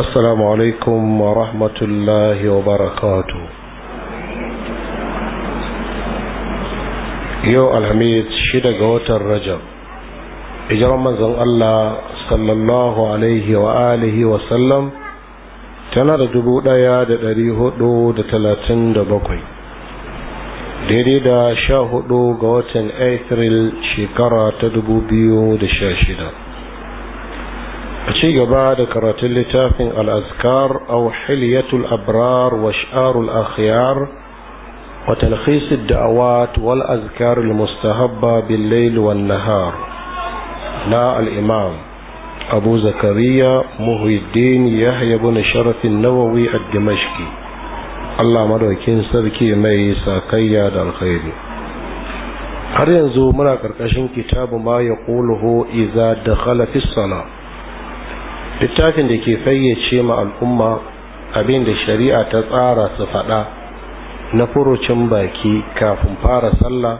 السلام عليكم ورحمة الله وبركاته يو الحميد شدة قوات الرجب إجرام منزل الله صلى الله عليه وآله وسلم tana da dubu ɗaya da ɗari huɗu da talatin da bakwai daidai da sha huɗu ga watan Afril shekara ta dubu biyu da sha shida أشي بعد كرات اللتاف الأذكار أو حلية الأبرار وشعار الأخيار وتلخيص الدعوات والأذكار المستهبة بالليل والنهار لا الإمام أبو زكريا مهي الدين يحيى بن شرف النووي الدمشقي الله madaukin سبكي mai sakayya الخير alkhairi har yanzu muna karkashin kitabu ma إذا دخل في الصلاة littafin da ke fayyace ma al'umma abin da shari'a ta tsara su faɗa na furocin baki kafin fara sallah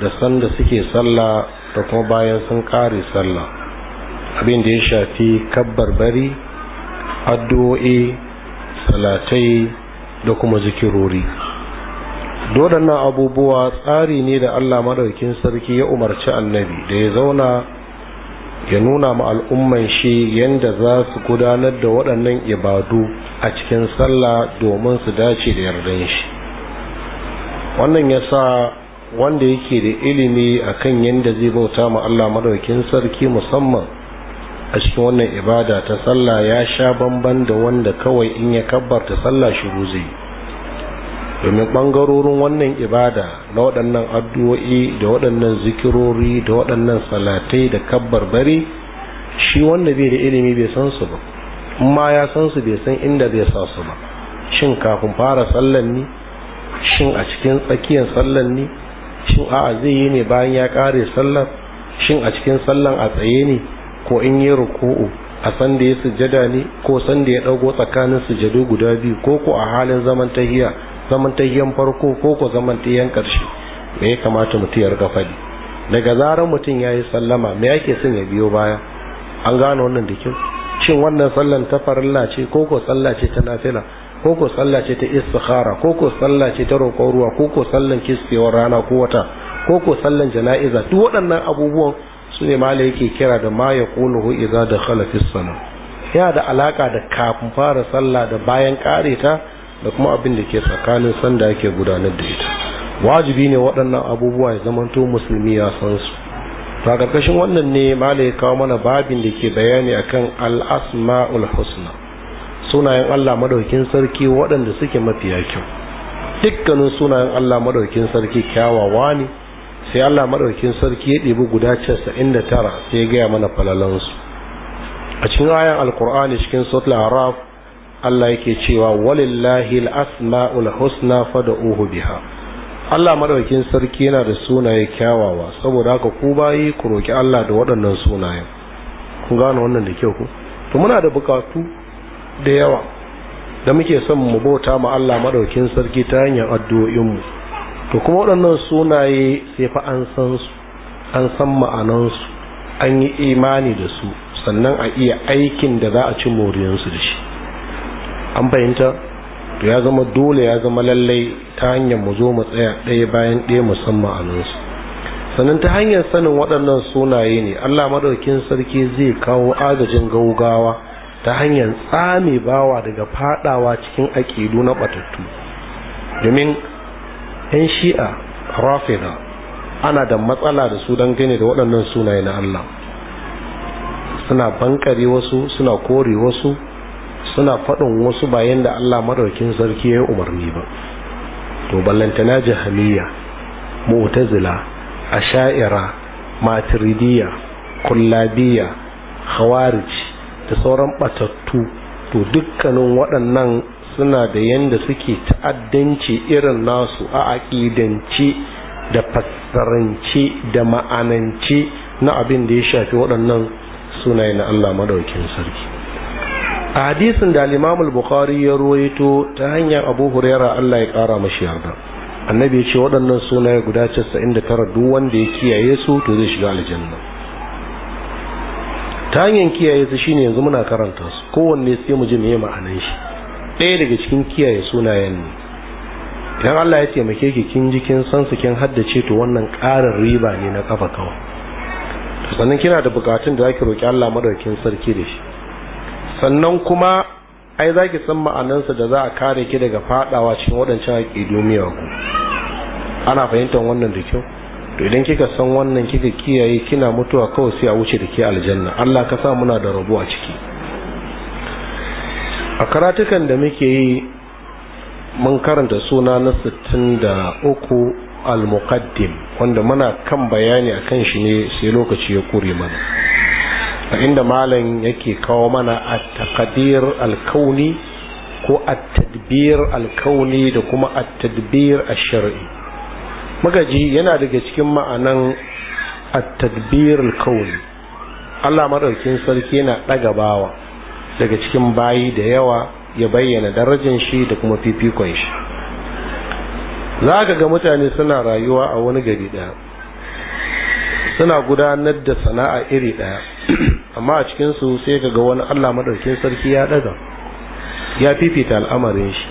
da sanda suke sallah da kuma bayan sun ƙare sallah abin da ya shafi kabbar bari, addu'o'i salatai da kuma zikirori dodannan abubuwa tsari ne da allah madaukin sarki ya umarci annabi da ya zauna ya nuna ma al'umman shi yadda za su gudanar da waɗannan ibadu a cikin sallah domin su dace da yardan shi wannan ya sa wanda yake da ilimi a kan yadda zai bauta ma Allah madaukin sarki musamman a cikin wannan ibada ta sallah ya sha bamban da wanda kawai in ya kabbarta sallah shi zai domin ɓangarorin wannan ibada na waɗannan addu'o'i da waɗannan zikirori da waɗannan salatai da kabbar bari shi wanda bai da ilimi bai san su ba ma ya san su bai san inda bai sa su ba shin kafin fara sallan ni shin a cikin tsakiyar sallan ni shin a'a zai yi ne bayan ya ƙare sallar? shin a cikin sallan a tsaye ne ko in yi ruku'u a san da ya sujjada ne ko san da ya ɗago tsakanin sujadu guda biyu ko ko a halin zaman tahiya zaman farko ko ko zaman tahiyan karshe me ya kamata mutum ya riga fadi daga zarar mutum ya yi sallama me yake son ya biyo baya an gane wannan da kyau shin wannan sallan ta farilla ce ko ko sallah ce ta nafila ko ko sallah ce ta istikhara ko ko sallah ce ta roƙon ruwa ko ko sallan kiskewar rana ko wata ko ko sallan jana'iza duk waɗannan abubuwan su ne mala yake kira da ma ya kuluhu idza dakhala fi salat yana da alaka da kafin fara sallah da bayan kare ta da kuma abin da ke tsakanin sanda ake gudanar da ita wajibi ne waɗannan abubuwa ya zamanto musulmi ya san su ta ƙarƙashin wannan ne mala ya kawo mana babin da ke bayani akan al'asma'ul husna sunayen allah madaukin sarki waɗanda suke mafiya kyau dukkanin sunayen allah madaukin sarki kyawawa ne sai allah maɗaukin sarki ya ɗibi guda casa'in da tara sai ya gaya mana falalansu a cikin ayan alkur'ani cikin suratul araf Allah yake cewa walillahi al-asma'ul husna fad'uhu biha Allah madaukin sarki yana da sunaye kyawawa saboda haka ku bayi ku roki Allah da waɗannan sunayen kun gano wannan da kyau ku to muna da bukatu da yawa da muke son mu bauta ma Allah maɗaukin sarki ta hanyar addu'o'in mu to kuma waɗannan sunaye sai fa an san su an san ma'anan su an yi imani da su sannan a iya aikin da za a ci moriyar su da shi an fahimta to ya zama dole ya zama lallai ta hanyar mu zo mu tsaya ɗaya bayan ɗaya musamman a nan sannan ta hanyar sanin waɗannan sunaye ne allah maɗaukin sarki zai kawo agajin gaugawa ta hanyar tsame bawa daga fadawa cikin aƙidu na ɓatattu domin 'yan shi'a rafida ana da matsala da su don gane da waɗannan sunaye na allah suna bankare wasu suna kore wasu suna faɗin wasu bayan da Allah maɗaukin sarki ya yi umarni ba to ballantana jahamiya mu'tazila asha'ira maturidiya kullabiya khawarij da sauran batattu to dukkanin waɗannan suna da yanda suke ta'addanci irin nasu a aƙidance da fassarance da ma'anance na abin da ya shafi waɗannan sunaye na Allah maɗaukin sarki a hadisin da limamul bukhari ya ruwaito ta hanyar abu huraira allah ya kara mashi yarda annabi ya ce waɗannan sunaye guda casa'in da tara duk wanda ya kiyaye su to zai shiga aljanna ta hanyar kiyaye su shine yanzu muna karanta su kowanne sai mu ji meye ma'anan shi ɗaya daga cikin kiyaye sunayen ne idan allah ya taimake ki kin ji kin san su kin haddace to wannan ƙarin riba ne na kafa kawai sannan kina da bukatun da zaki roki allah madaukin sarki da shi sannan kuma ai za ki san ma'anansa da za a kare ki daga fadawa cikin waɗancan aƙidu ku. ana fahimtar wannan da kyau to idan kika san wannan kika kiyaye kina mutuwa kawai sai a wuce da ke aljanna Allah ka sa muna da rabo a ciki a karatukan da muke yi mun karanta suna na 63 al-muqaddim wanda muna kan bayani akan shi ne sai lokaci ya kure mana a inda malam yake kawo mana a takadir alkauni ko a tadbir alkauni da kuma a tadbir a shari'i magaji yana daga cikin ma'anan a tadbir alkauni allah maɗaukin sarki yana ɗaga bawa daga cikin bayi da yawa ya bayyana darajar shi da kuma fifikon shi za ga mutane suna rayuwa a wani gari ɗaya suna gudanar da sana'a iri ɗaya amma a cikin su sai ga wani Allah madaukin sarki ya daga ya fifita al'amarin shi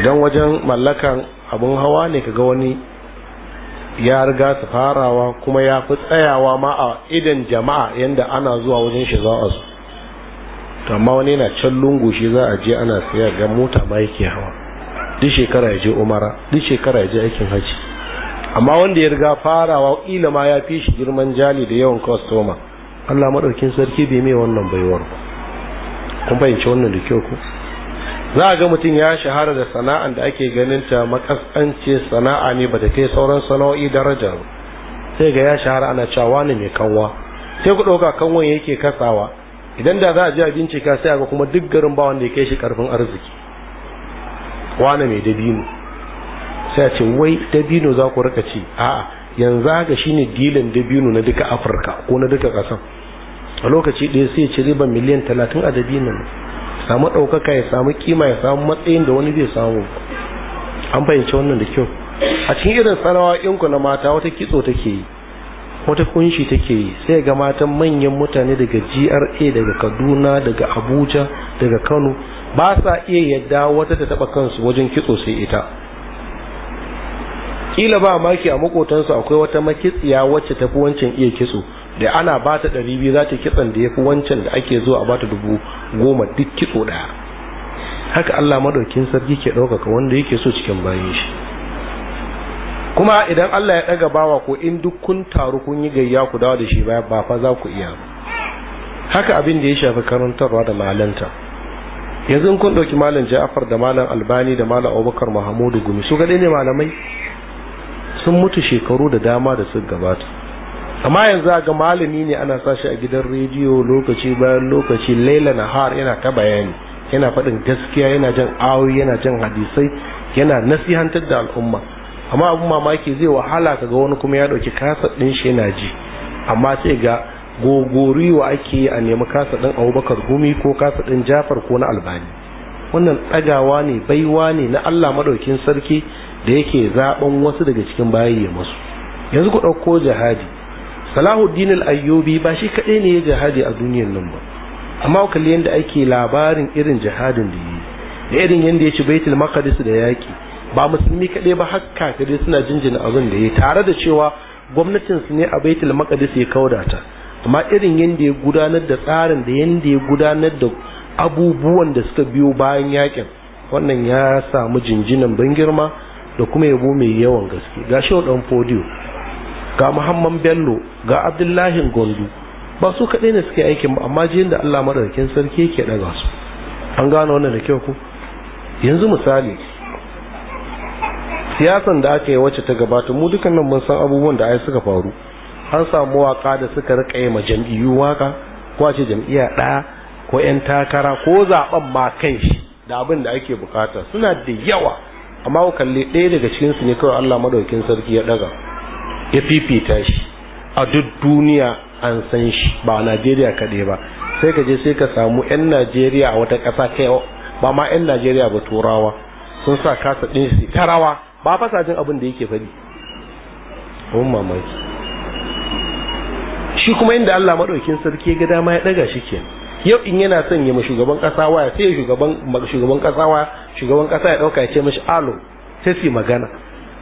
idan wajen mallakan abun hawa ne kaga wani ya riga su farawa kuma ya fi tsayawa ma a idan jama'a yanda ana zuwa wajen shi za a su amma wani yana can lungu shi za a je ana siya ga mota ma yake hawa duk shekara ya je umara duk shekara ya je aikin hajji amma wanda ya riga farawa ƙila ma ya fi shi girman jali da yawan kwastoma Allah madaukin sarki bai mai wannan baiwar ku. kun bayyance wannan da kyau ku za a ga mutum ya shahara da sana'an da ake ganin ta makasance sana'a ne bata kai sauran sana'o'i daraja ba sai ga ya shahara ana cewa ne mai kanwa sai ku ɗauka kanwan yake kasawa idan da za a ji a bincika sai a ga kuma duk garin ba wanda ya kai shi karfin arziki wane mai dabino sai a ce wai dabino za ku rika ci a'a yanzu haka shine dilan dabino na duka afirka ko na duka ƙasan a lokaci ɗaya sai ci riba miliyan talatin a nan samu ɗaukaka ya samu kima ya samu matsayin da wani zai samu an fahimci wannan da kyau a cikin irin sana'o'inku na mata wata kitso take yi wata kunshi take yi sai ga matan manyan mutane daga GRA daga Kaduna daga Abuja daga Kano ba sa iya yadda wata ta taɓa kansu wajen kitso sai ita kila ba maki a makotansu akwai wata makitsiya wacce tafi wancan iya kitso da ana ba ta ɗari biyu za ta kitsan da ya fi wancan da ake zuwa a ba ta dubu goma duk kitso ɗaya haka allah madaukin sarki ke ɗaukaka wanda yake so cikin bayan shi kuma idan allah ya ɗaga bawa ko in duk kun taru kun yi gayya ku dawo da shi baya ba fa za ku iya haka abin da ya shafi karantarwa da malanta yanzu kun ɗauki malam Jafar da malam albani da malam abubakar mahamudu gumi su ga ne malamai sun mutu shekaru da dama da suka gabata amma yanzu ga malami ne ana sashi a gidan rediyo lokaci bayan lokaci laila har yana ta bayani yana faɗin gaskiya yana jan awi yana jan hadisai yana nasihantar da al'umma amma abin mamaki zai wahala kaga wani kuma ya ɗauki kasar ɗin shi yana ji amma sai ga gogoriwa ake a nemi kasa ɗin abubakar gumi ko kasa ɗin jafar ko na albani wannan tsagawa ne baiwa ne na Allah madaukin sarki da yake zaben wasu daga cikin bayi ya masu yanzu ku ɗauko jihadi salahuddin al-ayyubi ba shi kaɗai ne ya jihadi a duniyar nan ba amma kalli yadda ake labarin irin jihadin da yi da irin yadda ya ci baitul maqdis da yaki ba musulmi kaɗai ba har kafirai suna jinjina abin da ya tare da cewa gwamnatin su ne a baitul maqdis ya kauda ta amma irin yadda ya gudanar da tsarin da yadda ya gudanar da abubuwan da suka biyo bayan yakin wannan ya samu jinjinan ban girma da kuma yabo mai yawan gaske ga shi dan fodiyo ga muhammad bello ga abdullahi gondu ba su kaɗai ne suke aikin ba amma jiyan da allah madaukakin sarki ke ɗaga su an gane wannan da kyau ku yanzu misali siyasan da aka yi wacce ta gabata mu dukan nan mun san abubuwan da ai suka faru an samu waka da suka rika yi ma jam'iyyu waka ko a ce jam'iyya ɗaya ko ƴan takara ko zaɓen ma kan shi da abin da ake bukata suna da yawa amma ku kalli ɗaya daga cikinsu ne kawai Allah madaukin sarki ya ɗaga ya fifita shi a duk duniya an san shi ba a Najeriya kaɗai ba sai ka je sai ka samu ƴan Najeriya a wata ƙasa kai ba ma ƴan Najeriya ba turawa sun sa kasa ɗin su ta rawa ba fasa jin abin da yake faɗi abin mamaki shi kuma inda Allah madaukin sarki ya ga dama ya ɗaga shi kenan yau in yana son ya ma shugaban kasa waya sai shugaban shugaban kasa shugaban kasa ya dauka ya ce mishi alo sai su magana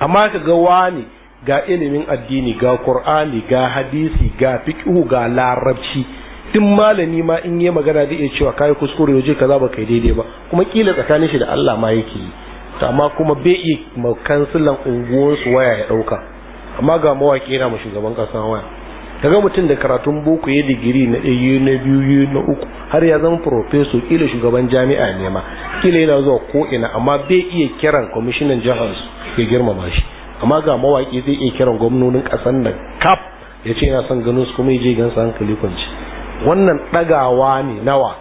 amma ka ga wani ga ilimin addini ga qur'ani ga hadisi ga fiqhu ga larabci duk malami ma in yi magana zai iya cewa kai kuskure waje kaza ba kai daidai ba kuma kila tsakanin shi da Allah ma yake yi to amma kuma bai iya kansilan unguwarsu waya ya dauka amma ga mawaki yana ma shugaban kasa waya kaga mutum da karatun boko ya digiri na ɗaya na biyu na uku har ya zama profeso kila shugaban jami'a ne ma kila yana zuwa ko ina amma bai iya kiran kwamishinan jihar ya girmama shi amma ga mawaƙi zai iya kiran gwamnonin ƙasar nan kaf ya ce yana son ganin su kuma ya je gansa hankali kwanci wannan ɗagawa ne nawa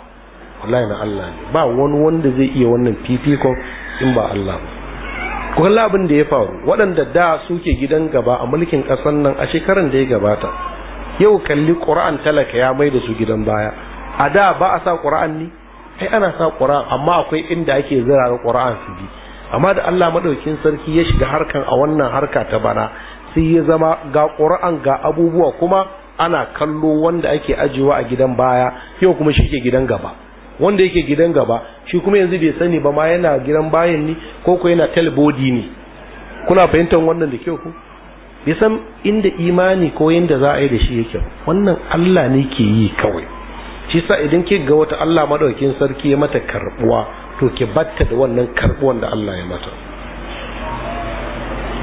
wallahi na Allah ne ba wani wanda zai iya wannan fifikon in ba Allah ba ku abin da ya faru waɗanda da suke gidan gaba a mulkin ƙasar nan a shekaran da ya gabata yau kalli ƙura'an talaka ya mai da su gidan baya a da ba a sa ƙura'an ni? ai ana sa ƙura'an amma akwai inda ake zira da ƙura'an su bi amma da Allah madaukin sarki ya shiga harkan a wannan harka ta bana sai ya zama ga ƙura'an ga abubuwa kuma ana kallo wanda ake ajiyewa a gidan baya yau kuma shi ke gidan gaba wanda yake gidan gaba shi kuma yanzu bai sani ba ma yana gidan bayan ni ko ko yana telbodi ne kuna fahimtar wannan da kyau ko bisan inda imani ko yadda za a yi da shi yake wannan Allah ne ke yi kawai shi sa idan ke ga wata Allah madaukin sarki ya mata karbuwa to ke batta da wannan karbuwan da Allah ya mata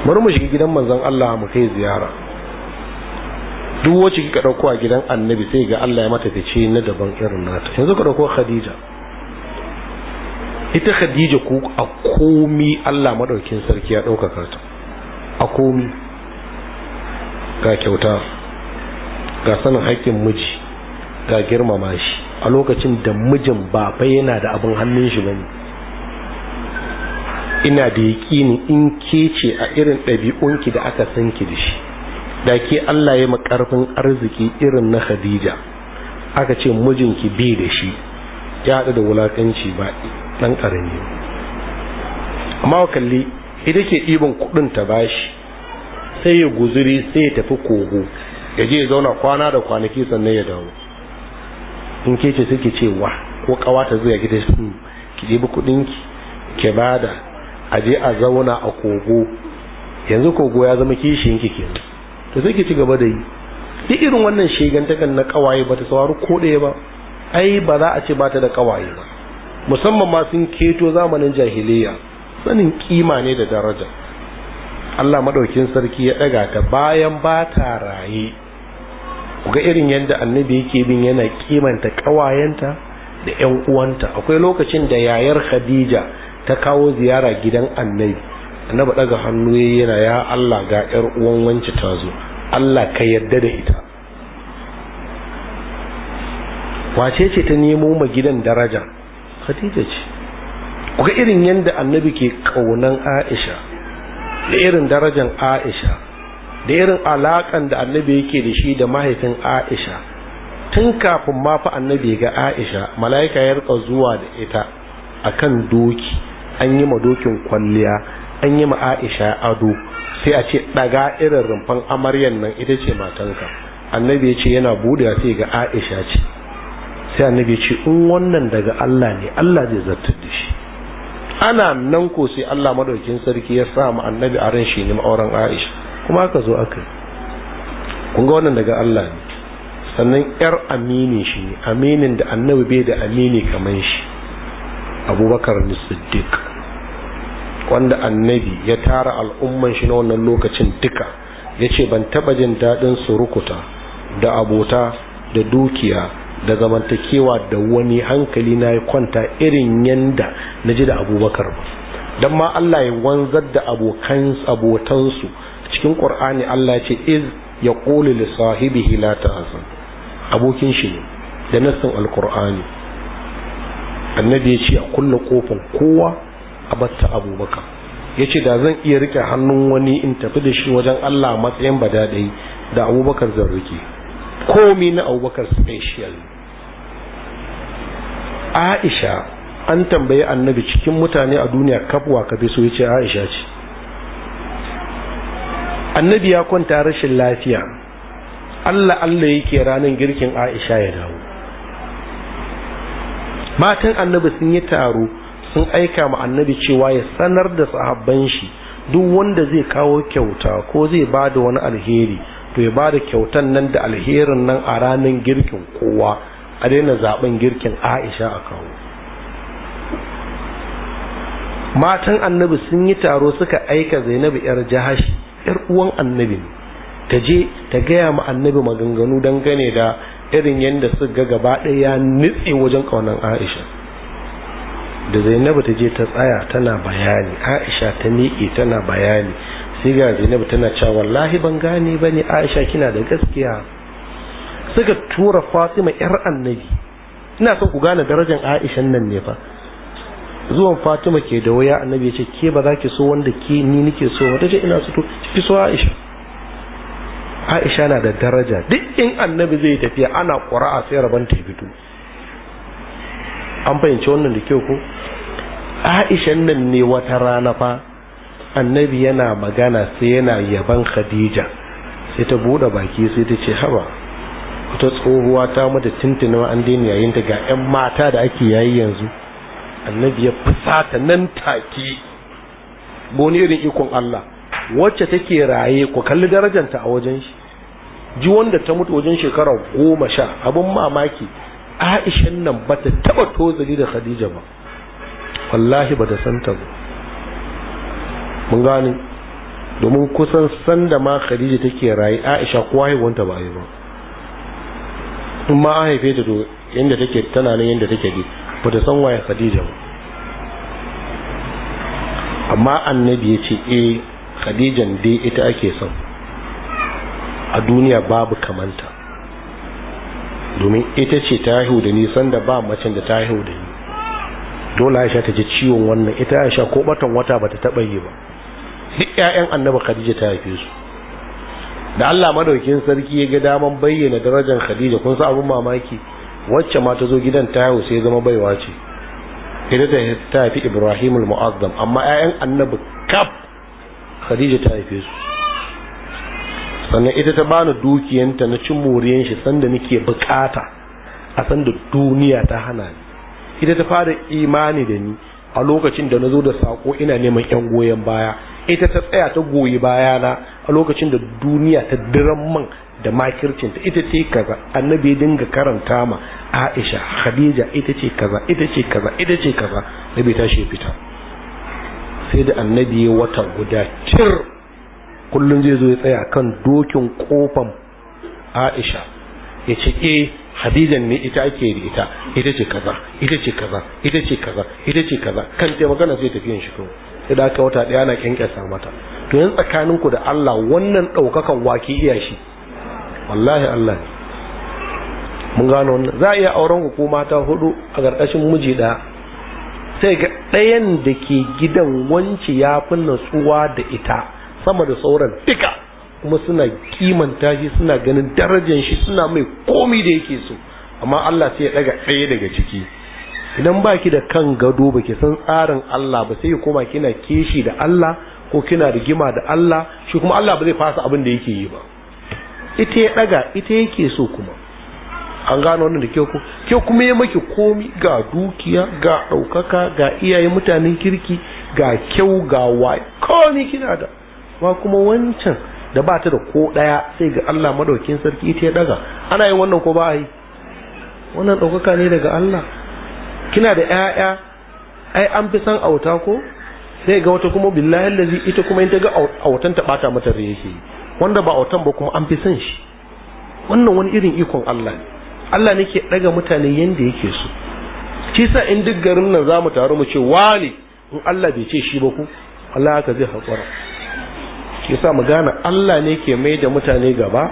bari mu gidan manzon Allah mu kai ziyara duk wacce kika dauko a gidan annabi sai ga Allah ya mata fice na daban irin nata yanzu ka dauko Khadija ita khadija ko a komi Allah madaukin sarki ya ɗaukaka ta a komi ga kyauta ga sanin haƙƙin miji ga girmama shi a lokacin da mijin ba fa yana da abin hannun shi bane ina da yaƙini in ke ce a irin ɗabi'unki da aka san ki da shi da ke Allah ya makarfin arziki irin na Khadija aka ce mijinki bi da shi ya haɗu da wulaƙanci ba ɗan ƙarami amma kalli ita ke ɗiban kuɗin ta bashi sai ya guzuri sai ya tafi kogo ya je zauna kwana da kwanaki sannan ya dawo in ke ce suke cewa ko ta zai gida su ki ɗebi kuɗin ki ki bada a je a zauna a kogo yanzu kogo ya zama kishi ki kenan to sai ki ci gaba da yi duk irin wannan shegantakan na kawaye ba ta saurari ko ɗaya ba ai ba za a ce ba ta da kawaye ba musamman ma sun keto zamanin jahiliya sanin kima ne da daraja Allah madaukin sarki ya daga ta bayan ba ta raye ga irin yadda annabi yake bin yana kimanta kawayenta da yan uwanta akwai lokacin da yayar Khadija ta kawo ziyara gidan annabi annabi daga hannu yana ya Allah ga yar uwan wanci ta zo Allah ka yarda da ita wace ce ta nemo ma gidan daraja Khadija ce ga irin yadda annabi ke kaunan Aisha da irin darajar aisha da irin alakan da annabi yake da shi da mahaifin aisha tun kafin ma fa annabi ga aisha mala'ika ya rika zuwa da ita akan doki an yi ma dokin kwalliya an yi ma aisha ado sai a ce daga irin rumfan amaryan nan ita ce matanka annabi ya ce yana buɗe sai ga aisha ce sai annabi ce in wannan daga Allah ne Allah zai zartar da shi ana nan ko sai Allah madaukin sarki ya sa mu annabi a ran shi ne ma'auran Aisha kuma aka zo aka kun ga wannan daga Allah ne sannan yar amini shi ne aminin da annabi bai da amini kamar shi abubakar ne siddiq wanda annabi ya tara al'umman shi na wannan lokacin duka ya ce ban taba jin daɗin surukuta da abota da dukiya da zamantakewa da wani hankali na ya kwanta irin yanda na ji da abubakar ba don ma Allah ya wanzar da abokan abotansu cikin ƙur'ani Allah ce iz ya ƙoli da sahibi hilata ta'azan abokin shi ne da nassin alƙur'ani annabi ya ce a kulle kofan kowa a batta abubakar ya ce da zan iya rike hannun wani in tafi da shi wajen Allah matsayin badadai da abubakar zan rike komi na abubakar special aisha an tambayi annabi cikin mutane a duniya kafuwa ka fi so ce aisha ce annabi ya kwanta rashin lafiya allah allah yake ranar girkin aisha ya dawo matan annabi sun yi taro sun aika ma annabi cewa ya sanar da sahabban shi duk wanda zai kawo kyauta ko zai ba da wani alheri to ya bada kyautan nan da alherin nan a ranar girkin kowa a daina zaben girkin aisha a kawo matan annabi sun yi taro suka aika zainabu yar jahashi yar uwan annabi ta je ta gaya ma annabi maganganu dangane da irin yadda su ga gaba ɗaya nitse wajen ƙaunar aisha da zainabu ta je ta tsaya tana bayani aisha ta miƙe tana bayani sai ga Zainab tana cewa wallahi ban gane bane Aisha kina da gaskiya suka tura Fatima yar annabi ina son ku gane darajar Aisha nan ne fa zuwan Fatima ke da waya annabi ce ke ba za ki so wanda ke ni nake so wata ce ina so ki so Aisha Aisha na da daraja duk in annabi zai tafiya ana ƙura'a sai rabon ta fito an fahimci wannan da kyau ko Aisha nan ne wata rana fa annabi yana magana sai yana yaban khadija sai ta bude baki sai ta ce haba wata tsohuwa ta mata tintina an daina yayin ga yan mata da ake yayi yanzu annabi ya fusata nan take boni irin ikon Allah wacce take raye ku kalli ta a wajen shi ji wanda ta mutu wajen shekara goma sha abin mamaki aishan nan bata taba tozali da khadija ba wallahi bata santa ba mun gane domin kusan sanda ma khadija take raye aisha ko haihuwanta ba yi ba in ma haife ta to yadda take tana nan yadda take bi ba ta san waye khadija ba amma annabi ya ce eh khadijan dai ita ake son a duniya babu kamanta domin ita ce ta haihu da nisan da ba macen da ta haihu da ni dole aisha ta ji ciwon wannan ita aisha ko batan wata bata taɓa yi ba duk ƴaƴan annabi khadija ta haife su da Allah madaukin sarki ya ga daman bayyana darajar khadija kun san abun mamaki wacce ma ta zo gidan ta haihu sai zama baiwa ce ita ta haifi Ibrahim al-Mu'azzam amma ƴaƴan annabi kaf khadija ta haife su sannan ita ta bani dukiyanta na cin moriyan shi sanda nake bukata a sanda duniya ta hana ni ita ta fara imani da ni a lokacin da na zo da sako ina neman yan goyon baya ita ta tsaya ta goyi bayana a lokacin da duniya ta diran man da makircinta ita ce kaza annabi ya dinga karanta ma aisha khadija ita ce kaza ita ce kaza ita ce kaza nabi ta shi fita sai da annabi ya wata guda cir kullum zai zo ya tsaya kan dokin kofan aisha ya ce eh hadijan ne ita ake da ita ita ce kaza ita ce kaza ita ce kaza ita ce kaza kan ta magana sai tafiyan shi kawai sai da aka wata ɗaya na kyankyasa mata to yin tsakaninku da Allah wannan ɗaukakan wake iya shi wallahi Allah ne mun gano wannan za a iya auren hukuma ta hudu a ƙarƙashin miji ɗaya sai ga ɗayan da ke gidan wanci ya fi natsuwa da ita sama da sauran duka kuma suna kimanta shi suna ganin darajan shi suna mai komi da yake so amma Allah sai ya ɗaga ɗaya daga ciki idan ki da kan gado ba baki san tsarin Allah ba sai ki koma kina keshi da Allah ko kina rigima da Allah shi kuma Allah ba zai fasa abin da yake yi ba ita ya daga ita yake so kuma an gano wannan da ke ku ke kuma ya maki komi ga dukiya ga ɗaukaka ga iyaye mutanen kirki ga kyau ga wai komi kina da ba kuma wancan da ba ta da ko ɗaya sai ga Allah madaukin sarki ita ya daga ana yin wannan ko ba yi wannan ɗaukaka ne daga Allah kina da ƴaƴa ai an fi san auta ko sai ga wata kuma billahi allazi ita kuma in ta ga autan ta bata mata rai yake wanda ba autan ba kuma an fi san shi wannan wani irin ikon Allah ne Allah ne ke daga mutane yanda yake so shi sa in duk garin nan zamu taru mu ce wani in Allah bai ce shi ba ku Allah haka zai hakura shi sa mu gane Allah ne ke mai da mutane gaba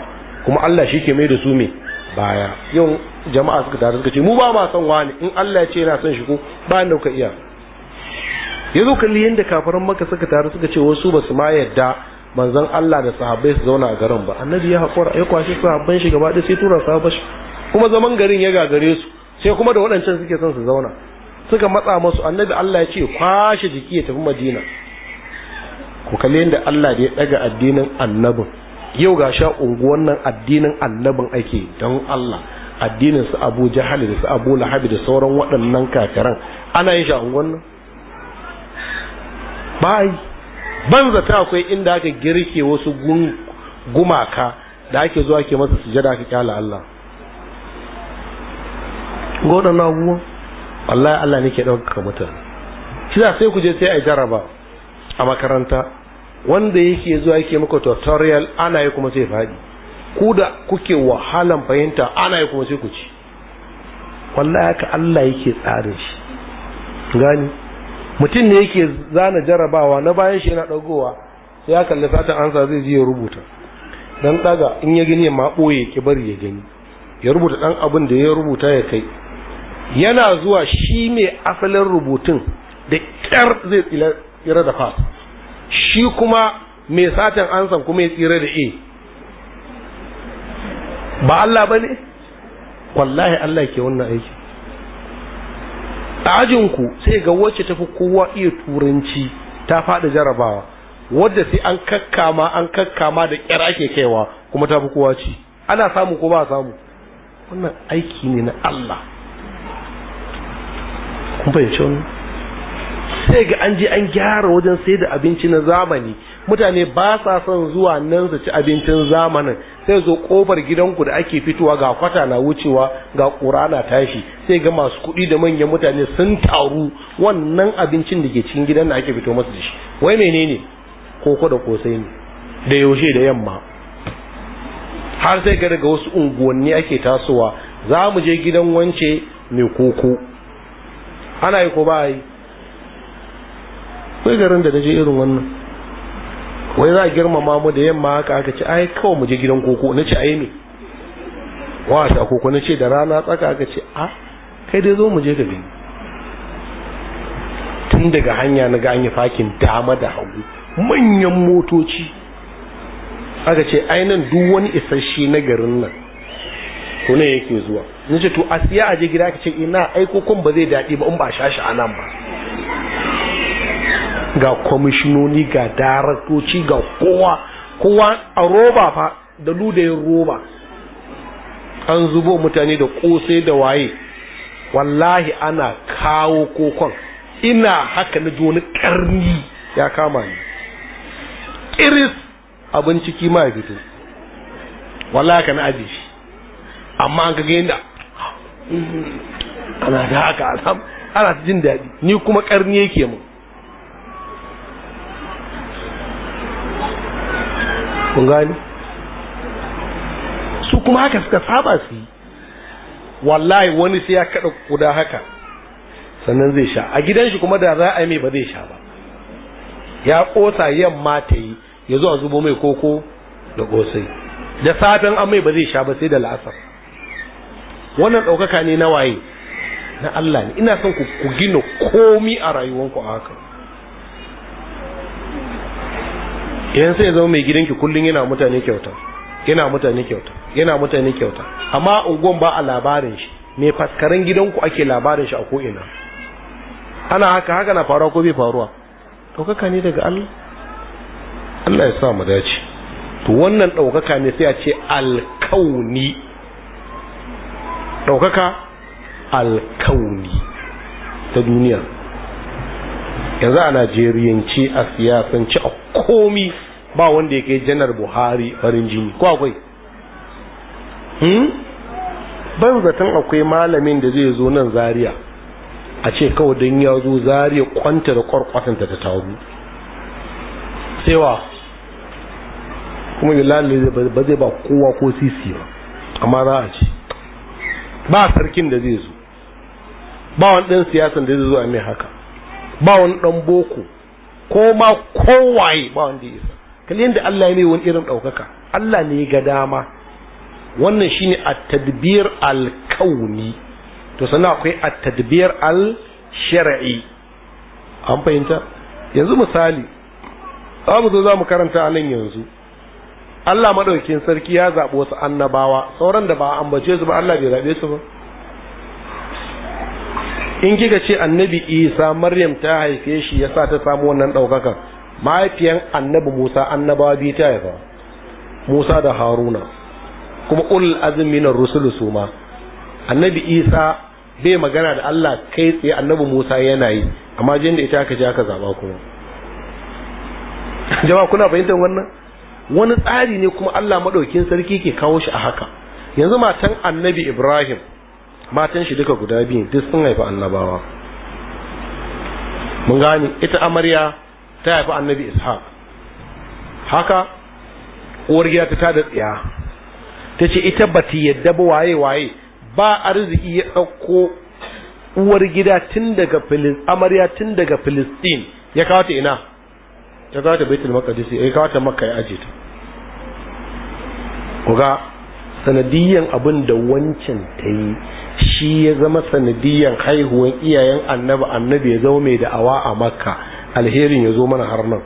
kuma Allah shi ke mai da su me baya yau jama'a suka taru suka ce mu ba ma son wani in Allah ya ce yana son shi ko ba da kuka iya yanzu kalli yadda kafaran maka suka taru suka ce wasu ba su ma yadda manzon Allah da sahabbai su zauna a garin ba annabi ya haƙura ya kwashe sahabban shi gaba sai tura sahabban shi kuma zaman garin ya gagare su sai kuma da waɗancan suke son su zauna suka matsa musu annabi Allah ya ce kwashe jiki ya tafi Madina ku kalli yadda Allah da ya daga addinin annabin yau ga sha unguwan nan addinin annabin ake don Allah addinin su Abu Jahal da su Abu Lahab da sauran waɗannan kakaran ana yin sha unguwan nan bai ban zata akwai inda aka girke wasu gumaka da ake zuwa ke masa sujada aka kyala Allah godon abubuwan wallahi Allah ne ke ɗaukaka mutane shi sai ku je sai a jaraba a makaranta wanda yake zuwa yake muku tutorial ana yi kuma sai faɗi ku da kuke wahalan fahimta ana yi kuma sai ku ci wallahi haka Allah yake tsarin shi gani mutum ne yake zana jarabawa na bayan shi yana dagowa sai ya kalli satan ansa zai je ya rubuta dan daga in ya gani ma boye ki bari ya gani ya rubuta dan abin da ya rubuta ya kai yana zuwa shi mai asalin rubutun da kyar zai tsira da fasa shi kuma mai satan ansan kuma ya tsira da e ba Allah ba ne wallahi Allah ke wannan aiki a ajinku sai ga wacce tafi kowa iya turanci ta faɗi jarabawa wadda sai an kakkama an kakkama da ƙyar ake kaiwa kuma tafi kowa ci ana samu ko ba samu wannan aiki ne na Allah kun fahimci wannan sai ga an je an gyara wajen sai da abinci na zamani mutane ba sa son zuwa nan su ci abincin zamanin sai zo kofar gidanku da ake fitowa ga kwata na wucewa ga kura na tashi sai ga masu kuɗi da manyan mutane sun taru wannan abincin da ke cikin gidan da ake fito masu da shi wai menene koko da kosai ne da yaushe da yamma har sai ga daga wasu unguwanni ake tasowa za mu je gidan wance mai koko ana yi ko ba yi wai garin da je irin wannan wai za a girmama mu da yamma haka aka ce ai kawai mu je gidan koko na ce ai me wa ta koko na ce da rana tsaka aka ce a ah, kai dai zo mu je ka gani tun daga hanya na ganye fakin dama da hagu manyan motoci aka ce ainihin duk wani isasshe na garin nan to ne yake zuwa na ce to a siya aje gida ka ce ina aikokon ba zai daɗi ba in ba shashi a nan ba ga kwamishinoni ga daraktoci ga kowa kowa a roba fa da ludayin roba an zubo mutane da kosai da waye wallahi ana kawo kokon ina haka na ji wani karni ya kama ni iris abin ciki ma fito wallahi ka na aji shi amma an kaga yadda ah, ana da haka ana jin daɗi ni kuma karni yake mun kun gani su kuma haka suka saba su yi wallahi wani sai ya kada kuda haka sannan zai sha a gidan shi kuma da za a yi mai ba zai sha ba ya kosa yamma ta yi ya zo a zubo mai koko da kosai da safen amai ba zai sha ba sai da la'asar wannan ɗaukaka ne na waye na Allah ne ina son ku gina komi a rayuwanku a haka yan sai ya zama mai gidanki kullum yana mutane kyauta yana mutane kyauta yana mutane kyauta amma unguwan ba a labarin shi mai faskaran gidanku ake labarin shi a ko'ina ana haka haka na faruwa ko bai faruwa ɗaukaka ne daga Allah Allah ya sa mu dace to wannan ɗaukaka ne sai a ce alkauni ɗaukaka alkauni ta duniya yanzu a najeriyanci a siyasanci a komi ba wanda ya kai janar buhari farin jini ko akwai hmm? ban zaton akwai malamin da zai zo nan zaria a ce kawai don ya zo Zariya kwanta da kwarkwatanta ta tabu sewa kuma bilalai ba zai ba kowa ko sisi ba amma za a ce ba sarkin da zai zo ba wani ɗan siyasan da zai zo a mai haka ba wani ɗan boko ko ma kowaye ba wanda ya isa kan yadda Allah ya mai wani irin ɗaukaka Allah ne ga dama wannan shi ne a tadbir al-kauni to sannan akwai a tadbir al sharii an fahimta yanzu misali za mu zo za mu karanta a nan yanzu Allah madaukakin sarki ya zaɓi wasu annabawa sauran da ba a ambace su ba Allah bai zaɓe su ba in kika ce annabi isa maryam ta haife shi yasa ta samu wannan ɗaukaka mahaifiyan annabi musa annabawa biyu ta haifa musa da haruna kuma ul azumi na rusulu su ma annabi isa bai magana da allah kai tsaye annabi musa yana yi amma jin ita aka ji aka zaba kuma jama'a kuna fahimtar wannan wani tsari ne kuma allah maɗaukin sarki ke kawo shi a haka yanzu matan annabi ibrahim matan shi duka guda biyu duk sun haifi annabawa mun gane ita amarya ta haifi annabi ishaq haka uwar gida ta tada tsiya ta ce ita ba ta yadda ba waye waye ba arziki ya ɗauko uwar gida tun daga filis amarya tun daga filistin ya kawo ta ina ta kawo ta baitul maqdis ya kawo ta makka ya aje ta ku ga Sanadiyyan abin da wancan ta yi shi ya zama sanadiyyan haihuwan iyayen annabi annabi ya zama mai da'awa a makka alherin ya zo mana har nan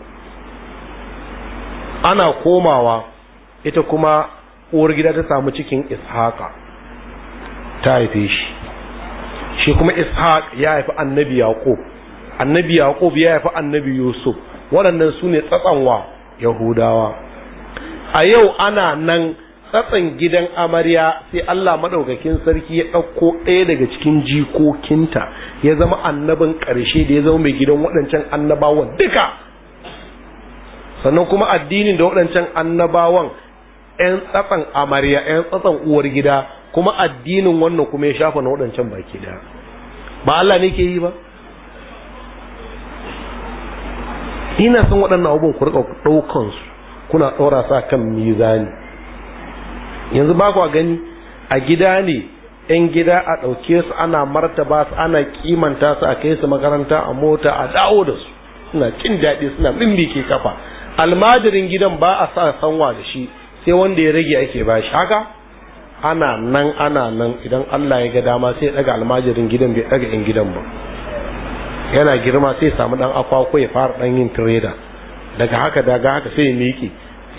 ana komawa ita kuma uwar gida ta samu cikin ishaqa ta haife shi shi kuma ishaq ya haifi annabi yaqub annabi yaqub ya haifi annabi yusuf waɗannan su ne tsatsanwa yahudawa a yau ana nan tsatsan gidan amarya sai Allah maɗaukakin sarki ya ɗauko ɗaya daga cikin jikokinta ya zama annabin ƙarshe da ya zama mai gidan waɗancan annabawan duka sannan kuma addinin da waɗancan annabawan 'yan tsatsan amarya 'yan tsatsan uwar gida kuma addinin wannan kuma ya shafa na waɗancan baki ɗaya ba Allah ne ke yi ba ina son waɗannan abubuwan ku riƙa ɗaukansu kuna ɗora sa kan mizani yanzu ba kwa gani a gida ne yan gida a ɗauke su ana martaba su ana kimanta su a kai su makaranta a mota a dawo da su suna cin daɗi suna ke kafa almajirin gidan ba a sa sanwa da shi sai wanda ya rage ake ba shi haka ana nan ana nan idan Allah ya ga dama sai ya daga almajirin gidan bai daga yan gidan ba yana girma sai samu ɗan akwakwai ya fara ɗan yin tireda daga haka daga haka sai ya miƙe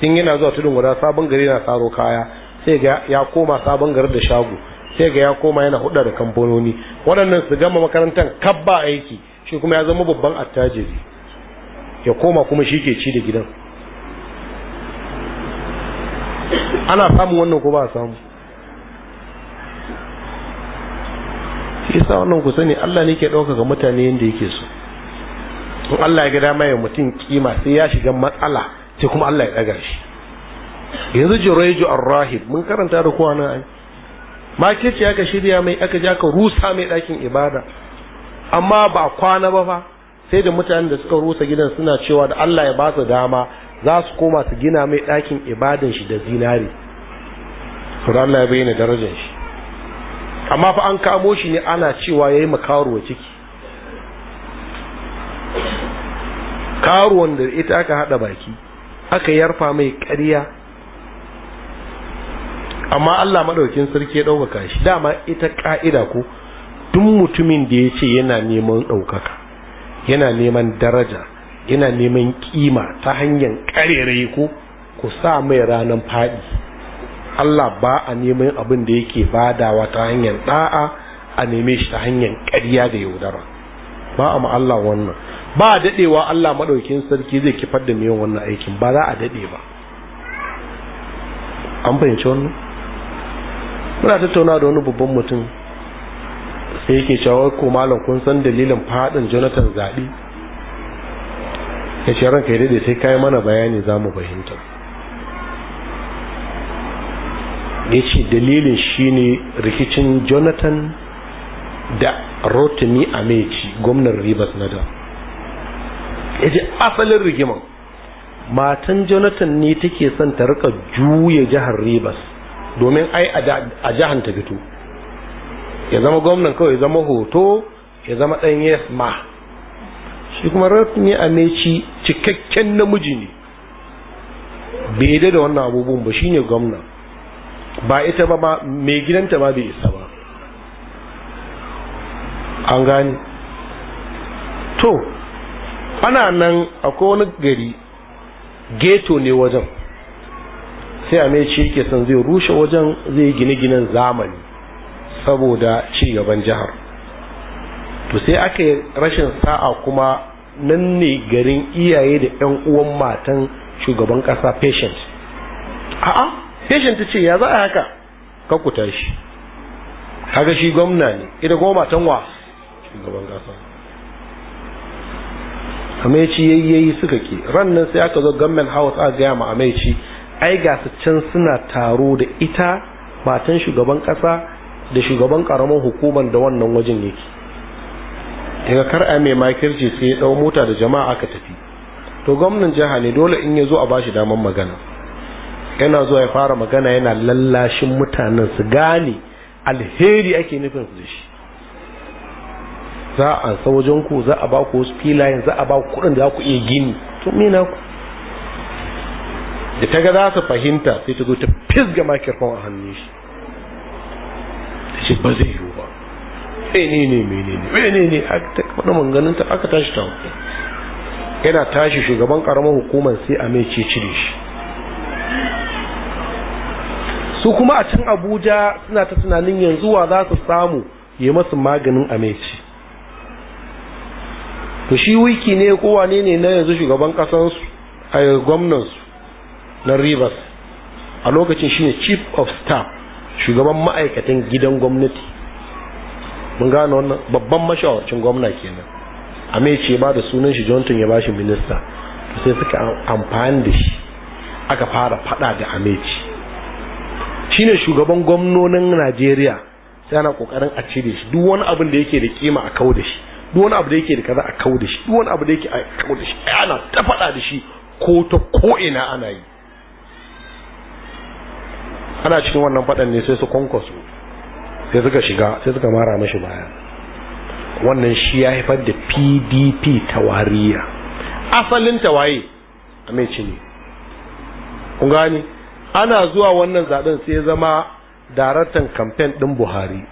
sun yana zuwa tudun guda sabon gari na saro kaya sai ga ya koma sabon garin da shago sai ga ya koma yana hudda da kamfanoni waɗannan su gama makarantar kabba aiki shi kuma ya zama babban attajiri ya koma kuma shi ke ci da gidan ana samun wannan ko ba samu isa wannan ku sani Allah ne ke ɗaukaka mutane yadda yake so in Allah ya ga dama ya mutum kima sai ya shiga matsala sai kuma Allah ya ɗaga shi yanzu jiraiju arrahib mun karanta da kowa nan makirci aka shirya mai aka ja ka rusa mai ɗakin ibada amma ba kwana ba fa sai da mutanen da suka rusa gidan suna cewa da Allah ya ba su dama za su koma su gina mai ɗakin ibadan shi da zinari to Allah ya bayyana darajar shi amma fa an kamo shi ne ana cewa yayi makaruwa ciki karuwan da ita aka haɗa baki aka yarfa mai ƙarya amma Allah madaukin sarki ya ɗaukaka shi dama ita ka'ida ko duk mutumin da ya ce yana neman ɗaukaka yana neman daraja yana neman kima ta hanyar ƙarerai ko ku sa mai ranar faɗi Allah ba a neman abin da yake badawa ta hanyar ɗa'a a neme shi ta hanyar ƙarya da yaudara ba a Allah wannan ba a daɗewa Allah maɗaukin sarki zai kifar da neman wannan aikin ba za a daɗe ba an fahimci wannan muna tattauna da wani babban mutum sai yake cewa ko malam kun san dalilin fadin jonathan zaɓe ya ce ranka ya daidai sai kayi mana bayani za mu fahimta ya ce dalilin shine rikicin jonathan da rotimi amechi gwamnan rivers na da ya ce asalin rigiman matan jonathan ne take son ta rika juya jihar rivers domin ai a jahan ta fito ya zama gwamnan kawai zama hoto ya zama ɗan yes ma shi kuma rotimi a meci cikakken namiji ne bai da wannan abubuwan ba shine gwamna ba ita ba ma mai gidanta ba bai isa ba an gani to ana nan akwai wani gari ghetto ne wajen sai a mai ci ke son zai rushe wajen zai gine-ginen zamani saboda ci gaban jihar to sai aka yi rashin sa'a kuma nan ne garin iyaye da 'yan uwan matan shugaban kasa patient a'a patient ta ce ya za a haka kakuta shi kaga shi gwamna ne ita kuma matan wa shugaban kasa ci yayyayi suka ke ran nan sai aka zo government house aka gaya ma a amaici ai ga su can suna taro da ita matan shugaban kasa da shugaban karamar hukumar da wannan wajen yake daga kar a mai makirci sai ya dau mota da jama'a aka tafi to gwamnan jiha ne dole in ya zo a bashi daman magana yana zuwa ya fara magana yana lallashin mutanen su gane alheri ake nufin su da shi za a sa wajen ku za a ba ku wasu filayen za a ba ku kudin da za ku iya gini to mina ku da ta ga za su fahimta sai ta zo ta fisga makirfon a hannun shi ta ce ba zai yiwu ba ne ne mene ne mene ne ta kwanu manganin ta aka tashi ta yana tashi shugaban karamar hukumar sai a mai ce cire shi su kuma a can abuja suna ta tunanin yanzu wa za su samu yi masu maganin a ameci to shi wiki ne kowane ne na yanzu shugaban kasansu a gwamnansu na rivers a lokacin shine chief of staff shugaban ma'aikatan gidan gwamnati mun gano wannan babban mashawarcin gwamna kenan a mai ce ba da sunan shi johnson ya bashi minista sai suka amfani da shi aka fara fada da ameci shine shugaban gwamnonin najeriya sai ana kokarin a cire shi duk wani abin da yake da kima a kau da shi duk wani abu da yake da kaza a kau da shi duk wani abu da yake a kau da shi ana ta fada da shi ko ta ko ina ana yi ana cikin wannan faɗan ne sai su kwankwaso sai suka shiga sai suka mara mashi baya wannan shi ya haifar da pdp tawariya asalin tawaye a mai cini kun gani ana zuwa wannan zaɓen sai ya zama daratan kamfen ɗin buhari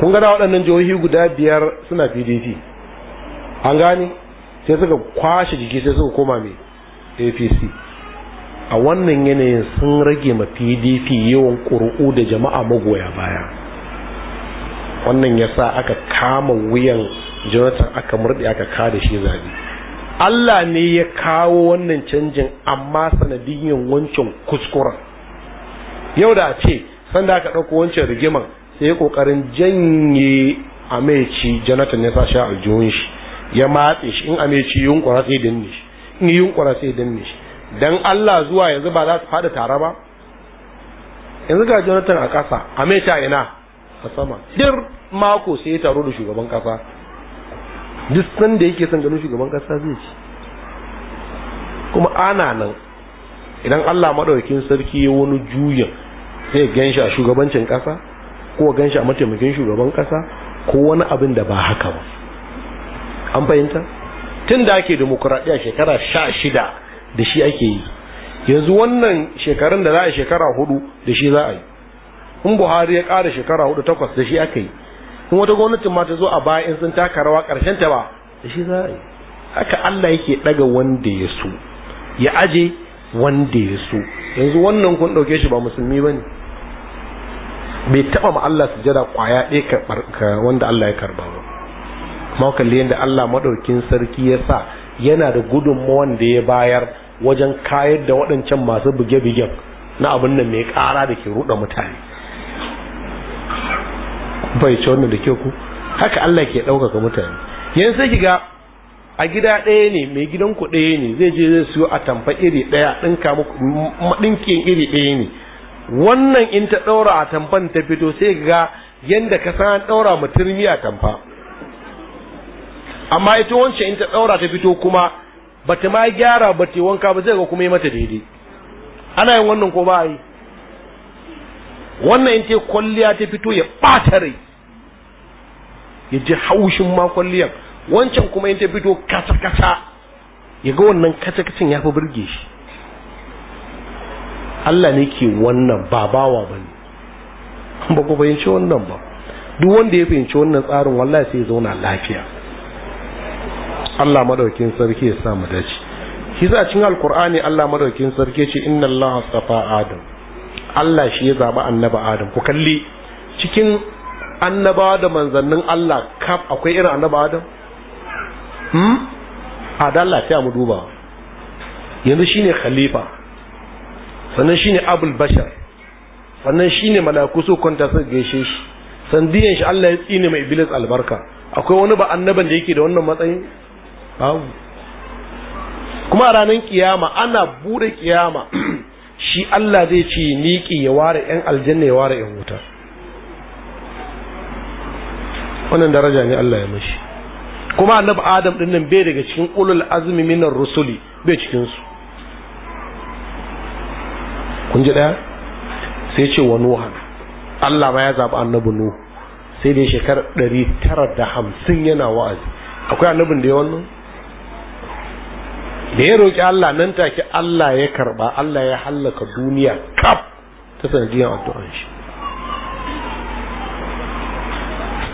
kun gana waɗannan jihohi guda biyar suna pdp an gani sai suka kwashe jiki sai suka koma mai apc a wannan yanayin sun rage ma pdp yawan ƙuri'u da jama'a magoya baya wannan ya sa aka kama wuyan jonathan aka murɗe aka kada shi zaɓe allah ne ya kawo wannan canjin amma sanadiyyar wancan kuskuren yau da a ce sanda aka ɗauko wancan rigimar, sai ƙoƙarin janye ameci jonathan ya sa shi aljihun shi ya matse shi in ameci yunkura sai danne shi in yunkura sai danne shi dan Allah zuwa yanzu ba za su fada tare ba yanzu ga Jonathan a ƙasa a mai ta ina a sama dir mako sai ya taro da shugaban ƙasa duk san da yake son ganin shugaban ƙasa zai ci kuma ana nan idan Allah maɗaukin sarki ya wani juyin sai gan shi a shugabancin ƙasa ko gan shi a mataimakin shugaban ƙasa ko wani abin da ba haka ba an fahimta tun da ake demokuraɗiyya shekara sha shida da shi ake yi yanzu wannan shekarun da za a shekara hudu da shi za a yi in buhari ya ƙara shekara hudu takwas da shi aka yi in wata gwamnatin ma ta zo a baya in sun taka rawa ƙarshen ta ba da shi za a yi haka allah yake ɗaga wanda ya so ya aje wanda ya so yanzu wannan kun ɗauke shi ba musulmi ba ne bai taɓa ma allah su sujada ƙwaya ɗaya wanda allah ya karba ba ma kalli yadda allah maɗaukin sarki ya sa yana da gudunmawan da ya bayar wajen kayar da waɗancan masu buge-bugen na abin nan mai ƙara da ke ruɗa mutane bai ce wannan da ke ku haka Allah ke ɗaukaka mutane yanzu sai ki ga a gida ɗaya ne mai gidan ku ɗaya ne zai je zai siyo a tamfa iri ɗaya ɗinka maɗinkin iri ɗaya ne wannan in ta ɗaura a tamfan ta fito sai ga yadda ka san ɗaura mutum a tamfa amma ita wancan in ta ɗaura ta fito kuma bata ma gyara bata wanka ba zai ga kuma yi mata daidai ana yin wannan ko ba yi wannan in ce kwalliya ta fito ya ɓata rai ya ji haushin ma kwalliyar wancan kuma in ta fito kasa-kasa ya ga wannan kasa-kasan ya fi birge shi Allah ne ke wannan ba bawa ba ne ba ku fahimci wannan ba duk wanda ya fahimci wannan tsarin wallahi sai ya zauna lafiya Allah madaukin sarki ya sa mu dace shi za cin alqur'ani Allah madaukin sarki ce inna Allah safa adam Allah shi ya zaba annaba adam ku kalli cikin annaba da manzannin Allah kaf akwai irin annaba adam hmm adalla sai mu duba yanzu shine khalifa sannan shine abul bashar sannan shine malaku su kwanta su gaishe shi sandiyan shi Allah ya tsine mai iblis albarka akwai wani ba annaban da yake da wannan matsayin babu kuma a ranar kiyama ana bude kiyama shi Allah zai ce miƙi ya ware ‘yan aljanna ya ware ‘yan wuta wannan daraja ne Allah ya mashi kuma annabi adam din nan bai daga cikin ulul azumi minar rusuli bai cikin su kun ji daya sai ce wa nuhan Allah ma ya zabi annabi nuhu sai dai shekar 950 yana wa'azi akwai annabin da ya wannan da ya roƙi Allah nan take Allah ya karba Allah ya hallaka duniya kaf ta sanadiyar addu'an shi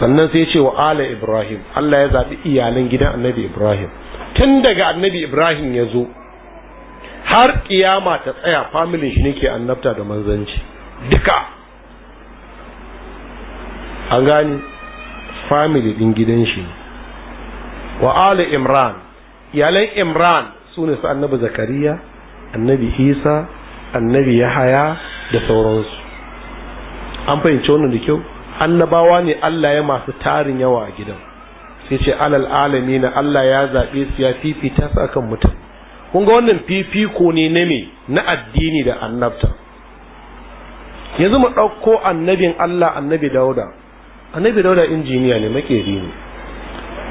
sannan sai ce wa ala ibrahim Allah ya zaɓi iyalan gidan annabi ibrahim tun daga annabi ibrahim ya zo har kiyama ta tsaya familin shi ne ke annabta da manzanci duka an gani family din gidan shi wa ala imran iyalan imran su ne su annabi zakariya annabi isa annabi yahaya da sauransu an fahimci wannan da kyau annabawa ne allah ya masu tarin yawa a gidan sai ce alal alami na allah ya zaɓe su ya fifita su akan mutum kun ga wannan fifiko ne na me na addini da annabta yanzu mu ɗauko annabin allah annabi dauda annabi dauda injiniya ne makeri ne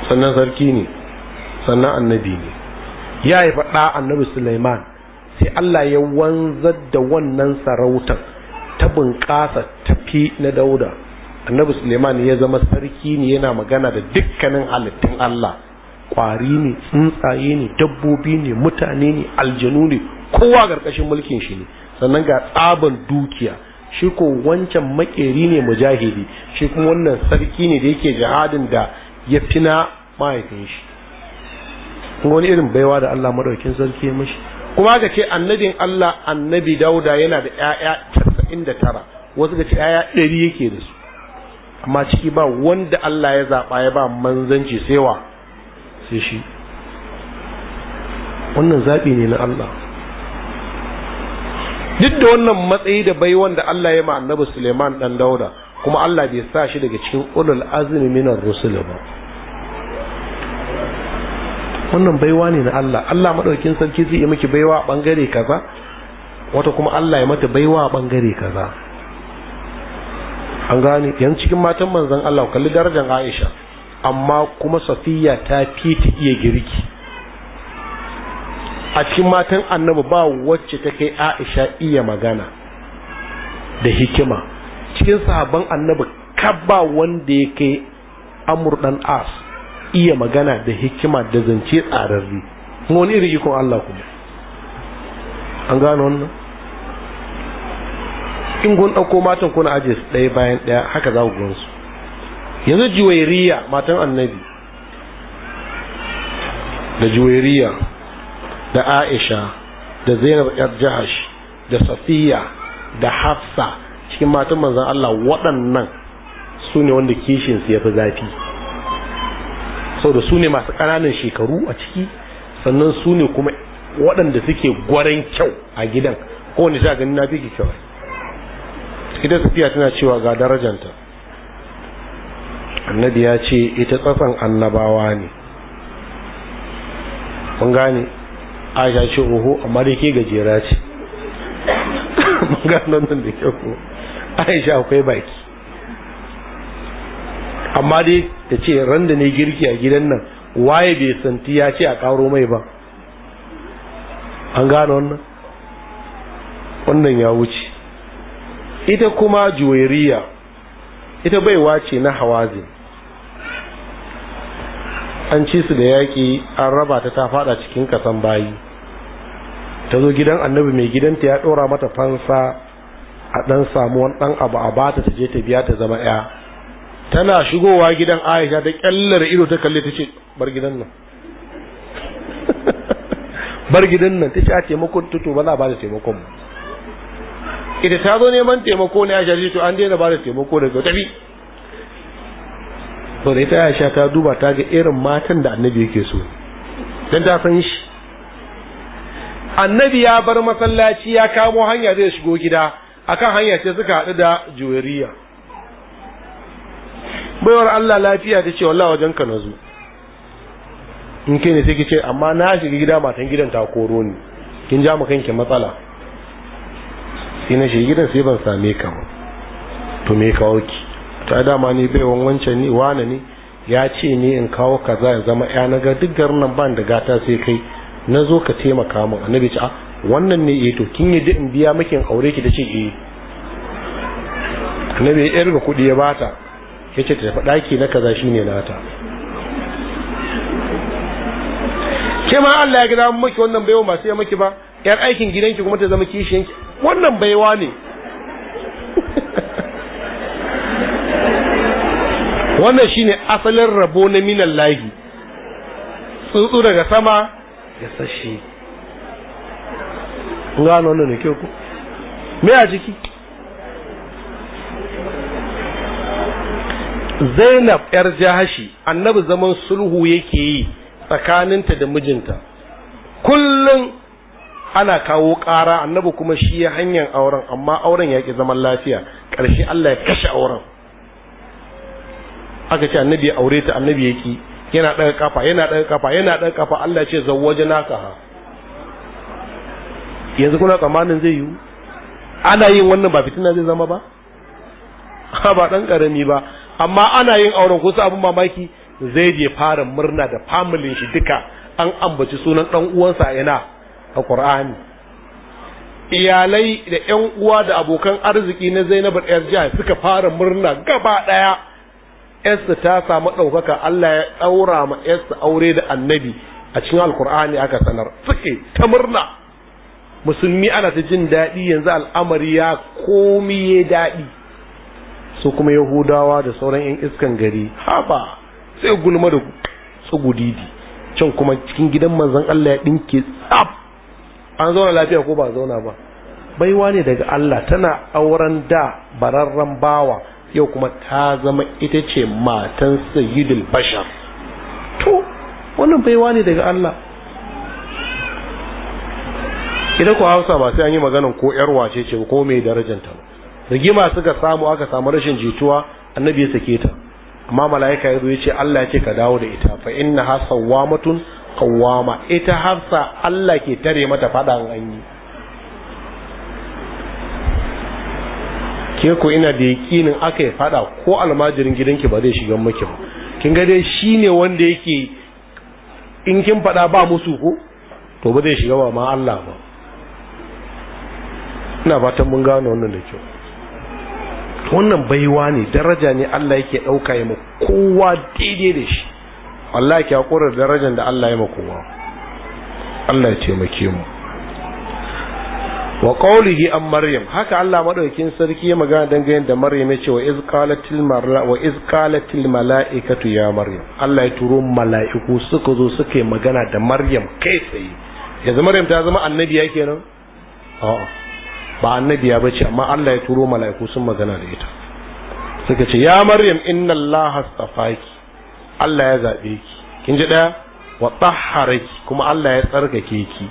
sannan sarki ne sannan annabi ne ya haifa faɗa annabi Suleiman sai Allah ya wanzar da wannan sarautar ta bunƙasa tafi na dauda annabi suleiman ya zama sarki ne yana magana da dukkanin halittun Allah ƙwari ne tsuntsaye ne dabbobi ne mutane ne aljanu ne kowa garkashin mulkin shi ne sannan ga tsaban dukiya shi ko wancan makeri ne mujahidi shi kuma wannan sarki ne da yake jihadin da ya fi na mahaifin shi wani irin baiwa da Allah madaukin sarki ya mishi kuma ga ce annabin Allah annabi Dauda yana da ƴaƴa 99 wasu ga ce ƴaƴa 100 yake da su amma ciki ba wanda Allah ya zaba ya ba manzanci sai wa sai shi wannan zabi ne na Allah duk da wannan matsayi da bai wanda Allah ya ma annabi Suleiman dan Dauda kuma Allah bai sa shi daga cikin ulul azmi minar rusul ba wannan baiwa ne na Allah Allah madaukin sarki zai yi miki baiwa a bangare kaza wata kuma Allah ya mata baiwa a bangare kaza an gane yan cikin matan manzon Allah kalli darajar Aisha amma kuma Safiya ta fita iya girki a cikin matan annabi ba wacce ta kai Aisha iya magana da hikima cikin sahabban annabi kabba wanda ya kai amur dan as iya magana da hikima da zance tsararri kuma wani iri ikon Allah kuma an gano wannan in kun ɗauko matan kuna aje su ɗaya bayan ɗaya haka za ku gansu yanzu juwairiya matan annabi da juwairiya da aisha da zainab yar jahash da safiya da hafsa cikin matan manzan Allah waɗannan su ne wanda kishinsu ya fi zafi saboda su ne masu ƙananan shekaru a ciki sannan su ne kuma waɗanda suke gwaran kyau a gidan kowane za gani na fi kyau da safiya tana cewa ga darajanta annabi ya ce ita tsatsan annabawa ne mun gane aisha ce oho amma da ke gajera ce mun gane nan da kyau aisha akwai baki amma dai ta ce ran da ne girki a gidan nan waye bai santi ya ce a karo mai ba an gano wannan wannan ya wuce ita kuma juwairiya ita baiwa ce na hawazin an ci su da yaƙi an raba ta ta fada cikin kasan bayi ta zo gidan annabi mai gidanta ya ɗora mata fansa a ɗan samu wani ɗan abu a bata ta je ta biya ta zama 'ya tana shigowa gidan aisha da kyallar ido ta kalle ta ce bar gidan nan bar gidan nan ta ce a taimakon tuto ba za a ba da taimakon mu ita ta zo neman taimako ne aisha ce to an daina ba da taimako daga tafi to da ita aisha ta duba ta ga irin matan da annabi yake so dan ta san shi annabi ya bar masallaci ya kamo hanya zai shigo gida akan hanya ce suka haɗu da juwariya. baiwar Allah lafiya ta ce wallah wajen ka nazo in ke ne sai ki ce amma na shiga gida matan gidan ta koro ni kin ja mu kanki matsala sai na shiga gidan sai ban same ka ba to me kawo ki ta ma ni baiwan wancan ni wane ne ya ce ni in kawo kaza ya zama ya na ga duk garin nan ban da gata sai kai na zo ka taimaka min annabi ce a wannan ne eh to kin yi in biya miki aure ki da ce eh annabi ya irga kuɗi ya bata ya ce tafi ɗaki na kaza shi ne nata ke ma Allah ya gida maki wannan baiwa masu ya maki ba yan aikin gidanki kuma ta zama kishiyanki wannan baiwa ne wannan shine asalin rabo na minan lahi tsuntsu daga sama ya sashi gano wannan ne kyau ku me a ciki zainab yar jahashi annabi zaman sulhu yake yi tsakaninta da mijinta kullum ana kawo ƙara annabi kuma shi ya hanyar auren amma auren ya ƙi zaman lafiya ƙarshe Allah ya kashe auren aka ce annabi ya aure ta annabi ya ki yana ɗaga kafa yana ɗaga kafa yana ɗaga kafa Allah ce waje naka ha yanzu kuna tsammanin zai yiwu ana yin wannan ba fitina zai zama ba ha ba ɗan ƙarami ba amma ana yin auren kusa abin mamaki zai je fara murna da familin shi duka an ambaci sunan dan uwansa yana a Qur'ani iyalai da 'yan uwa da abokan arziki na Zainab yar jiha suka fara murna gaba daya yarsa ta samu ɗaukaka Allah ya daura ma yarsa aure da annabi a cikin alkur'ani aka sanar suke ta murna musulmi ana ta jin daɗi yanzu al'amari ya komi daɗi su kuma yahudawa da sauran yan iskan gari haba sai gulma da tsugudidi can kuma cikin gidan manzon Allah ya dinke tsaf an zauna lafiya ko ba zauna ba baiwa ne daga Allah tana auren da bararren bawa yau kuma ta zama ita ce matan sayyidul bashar to wannan baiwa ne daga Allah idan ku hausa ba sai an yi maganan ko yar wace ce ko mai darajanta rigima suka samu aka samu rashin jituwa annabi ya sake ta amma mala'ika ya zo ya ce Allah ya ka dawo da ita fa inna hasawamatun qawama ita hafsa Allah ke tare mata fadan an yi ke ko ina da yakinin aka yi fada ko almajirin gidanki ba zai shiga miki ba kin ga dai shine wanda yake in kin fada ba musu ko to ba zai shiga ba ma Allah ba ina fatan mun gano wannan da kyau wannan baiwa ne daraja ne Allah yake ɗauka ya kowa daidai da shi Allah yake hakura darajar da Allah ya kowa Allah ya taimake mu wa qawlihi an maryam haka Allah maɗaukin sarki ya magana dangane da maryam ya ce wa iz wa iz malaikatu ya maryam Allah ya turo mala'iku suka zo suka yi magana da maryam kai tsaye yanzu maryam ta zama annabi ya kenan a'a ba annabiya bace amma Allah ya turo mala'iku sun magana da ita suka ce ya maryam inna allaha astafaki Allah ya zabe ki kin ji daya wa tahharaki kuma Allah ya tsarkake ki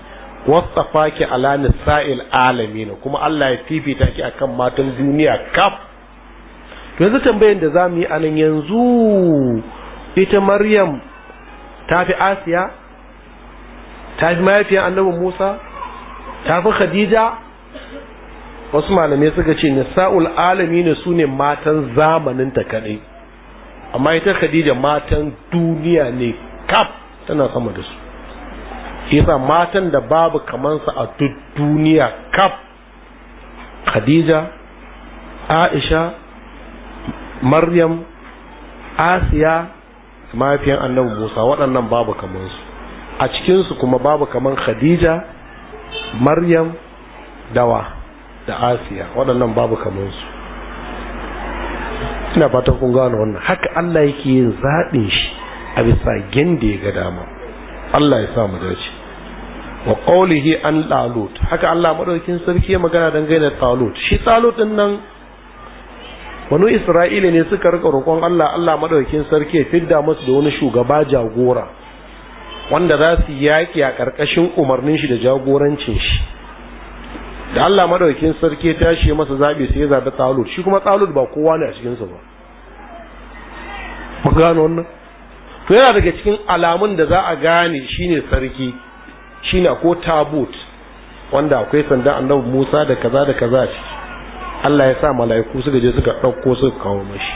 wasafaki ala nisa'il alamin kuma Allah ya fifita ki akan matan duniya kaf to yanzu tambayar da zamu yi anan yanzu ita maryam ta fi asiya ta fi mahaifiyar annabi musa ta fi khadija wasu malamai suka ce nisa'ul alami ne su ne matan zamanin ta kaɗai amma ita khadija matan duniya ne kaf tana sama da su yasa matan da babu kamansa a duk duniya kaf khadija aisha maryam asiya mafiyan annabi musa waɗannan babu kamansu a cikinsu kuma babu kaman khadija maryam dawa da asiya waɗannan babu kamansu ina fatan kun gano wannan haka Allah yake yin zaɓin shi a bisa gende ya ga dama Allah ya sa mu dace wa qawlihi an talut haka Allah madaukin sarki ya magana dangane da talut shi talut din nan wani Isra'ila ne suka rika roƙon Allah Allah madaukin sarki ya fidda musu da wani shugaba jagora wanda za su yaki a ƙarƙashin umarnin shi da jagorancin shi da Allah madaukakin sarki ya tashi masa zabi sai ya zabi Talut shi kuma Talut ba kowa ne a cikin sa ba mu gano wannan to yana daga cikin alamun da za a gane shine sarki shine ko tabut wanda akwai sanda annabi Musa da kaza da kaza ciki Allah ya sa mala'iku suka je suka ɗauko suka kawo mashi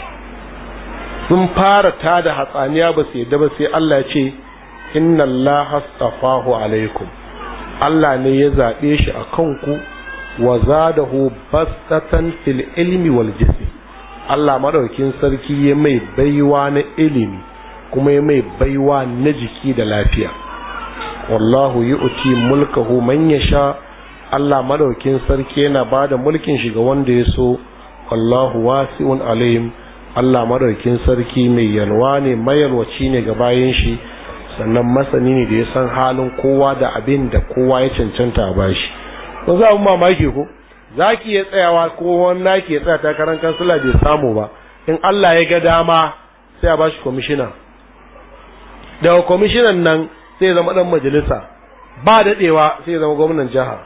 sun fara ta da hatsaniya ba su yadda ba sai Allah ya ce inna Allah astafahu alaikum Allah ne ya zaɓe shi a kanku wa zadahu bastatan fil ilmi wal jism Allah madaukin sarki ya mai baiwa na ilimi kuma ya mai baiwa na jiki da lafiya wallahu yu'ti mulkahu man yasha Allah madaukin sarki yana ba da mulkin shi ga wanda ya so wallahu wasi'un alim Allah madaukin sarki mai yalwa ne mayalwaci ne ga bayan shi sannan masani ne da ya san halin kowa da abin da kowa ya cancanta ba shi kun za mu mamaki ko za ki iya tsayawa ko ki ke tsaya takarar kansila bai samu ba in Allah ya ga dama sai a bashi kwamishina daga kwamishinan nan sai zama dan majalisa ba dadewa sai zama gwamnan jiha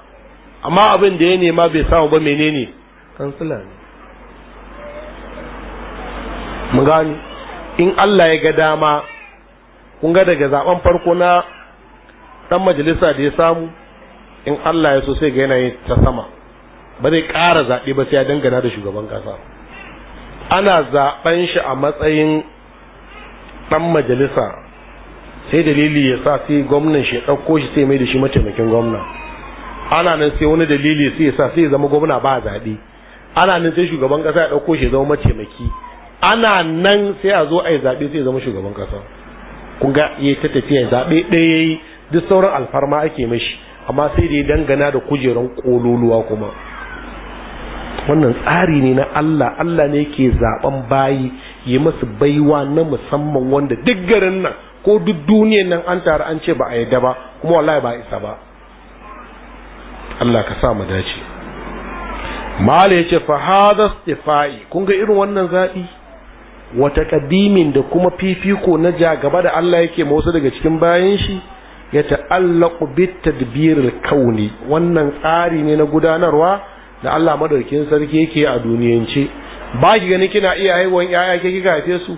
amma abin da ya nema bai samu ba menene kansila ne mu gani in Allah ya ga dama kun ga daga zaben farko na dan majalisa da ya samu in Allah ya so sai ga yanayin ta sama ba zai ƙara zaɓe ba sai ya dangana da shugaban ƙasa ana zaɓen shi a matsayin ɗan majalisa sai dalili ya sa sai gwamnan shi ɗauko shi sai mai da shi mataimakin gwamna ana nan sai wani dalili sai ya sa sai ya zama gwamna ba zaɓe ana nan sai shugaban ƙasa ya ɗauko shi ya zama mataimaki ana nan sai a zo a yi zaɓe sai ya zama shugaban ƙasa kun ga ya ta tafiya zaɓe ɗaya yi duk sauran alfarma ake mashi amma sai da ya dangana da kujeran kololuwa kuma wannan tsari ne na Allah Allah ne ke zaben bayi yi masu baiwa na musamman wanda duk garin nan ko duk duniyar nan an taru an ce ba a yadda ba kuma wallahi ba isa ba Allah ka sa mu dace mala yace fa hadha istifai kun ga irin wannan zaɓi? wata kadimin da kuma fifiko na ja gaba da Allah yake ma daga cikin bayan shi ya ta'allaqu bit tadbiril kauni wannan tsari ne na gudanarwa da Allah madaukakin sarki yake a duniyance ba ki gani kina iya haihuwan yaya ke kika haife su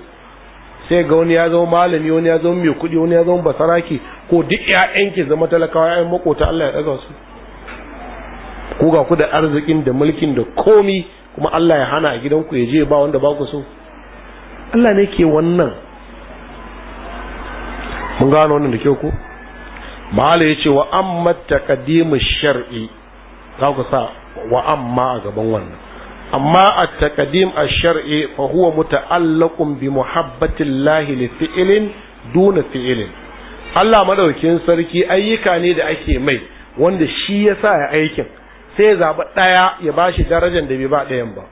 sai ga wani ya zama malami wani ya zama mai kuɗi wani ya zama basaraki ko duk ƴaƴan ki zama talakawa ƴaƴan makota Allah ya daga su ku ga ku da arzikin da mulkin da komi kuma Allah ya hana a gidanku ya je ba wanda ba ku so Allah ne ke wannan mun gano wannan da kyau ko mahala ya ce wa amma taqdimu shar'i za ku sa wa amma a gaban wannan amma a takadim a shari fa huwa muta'allaqun bi muhabbatillahi li fi'lin duna fi'lin Allah maɗaukin sarki ayyuka ne da ake mai wanda shi ya sa ya aikin sai ya zaɓi ɗaya ya ba shi darajar da bai ba ɗayan ba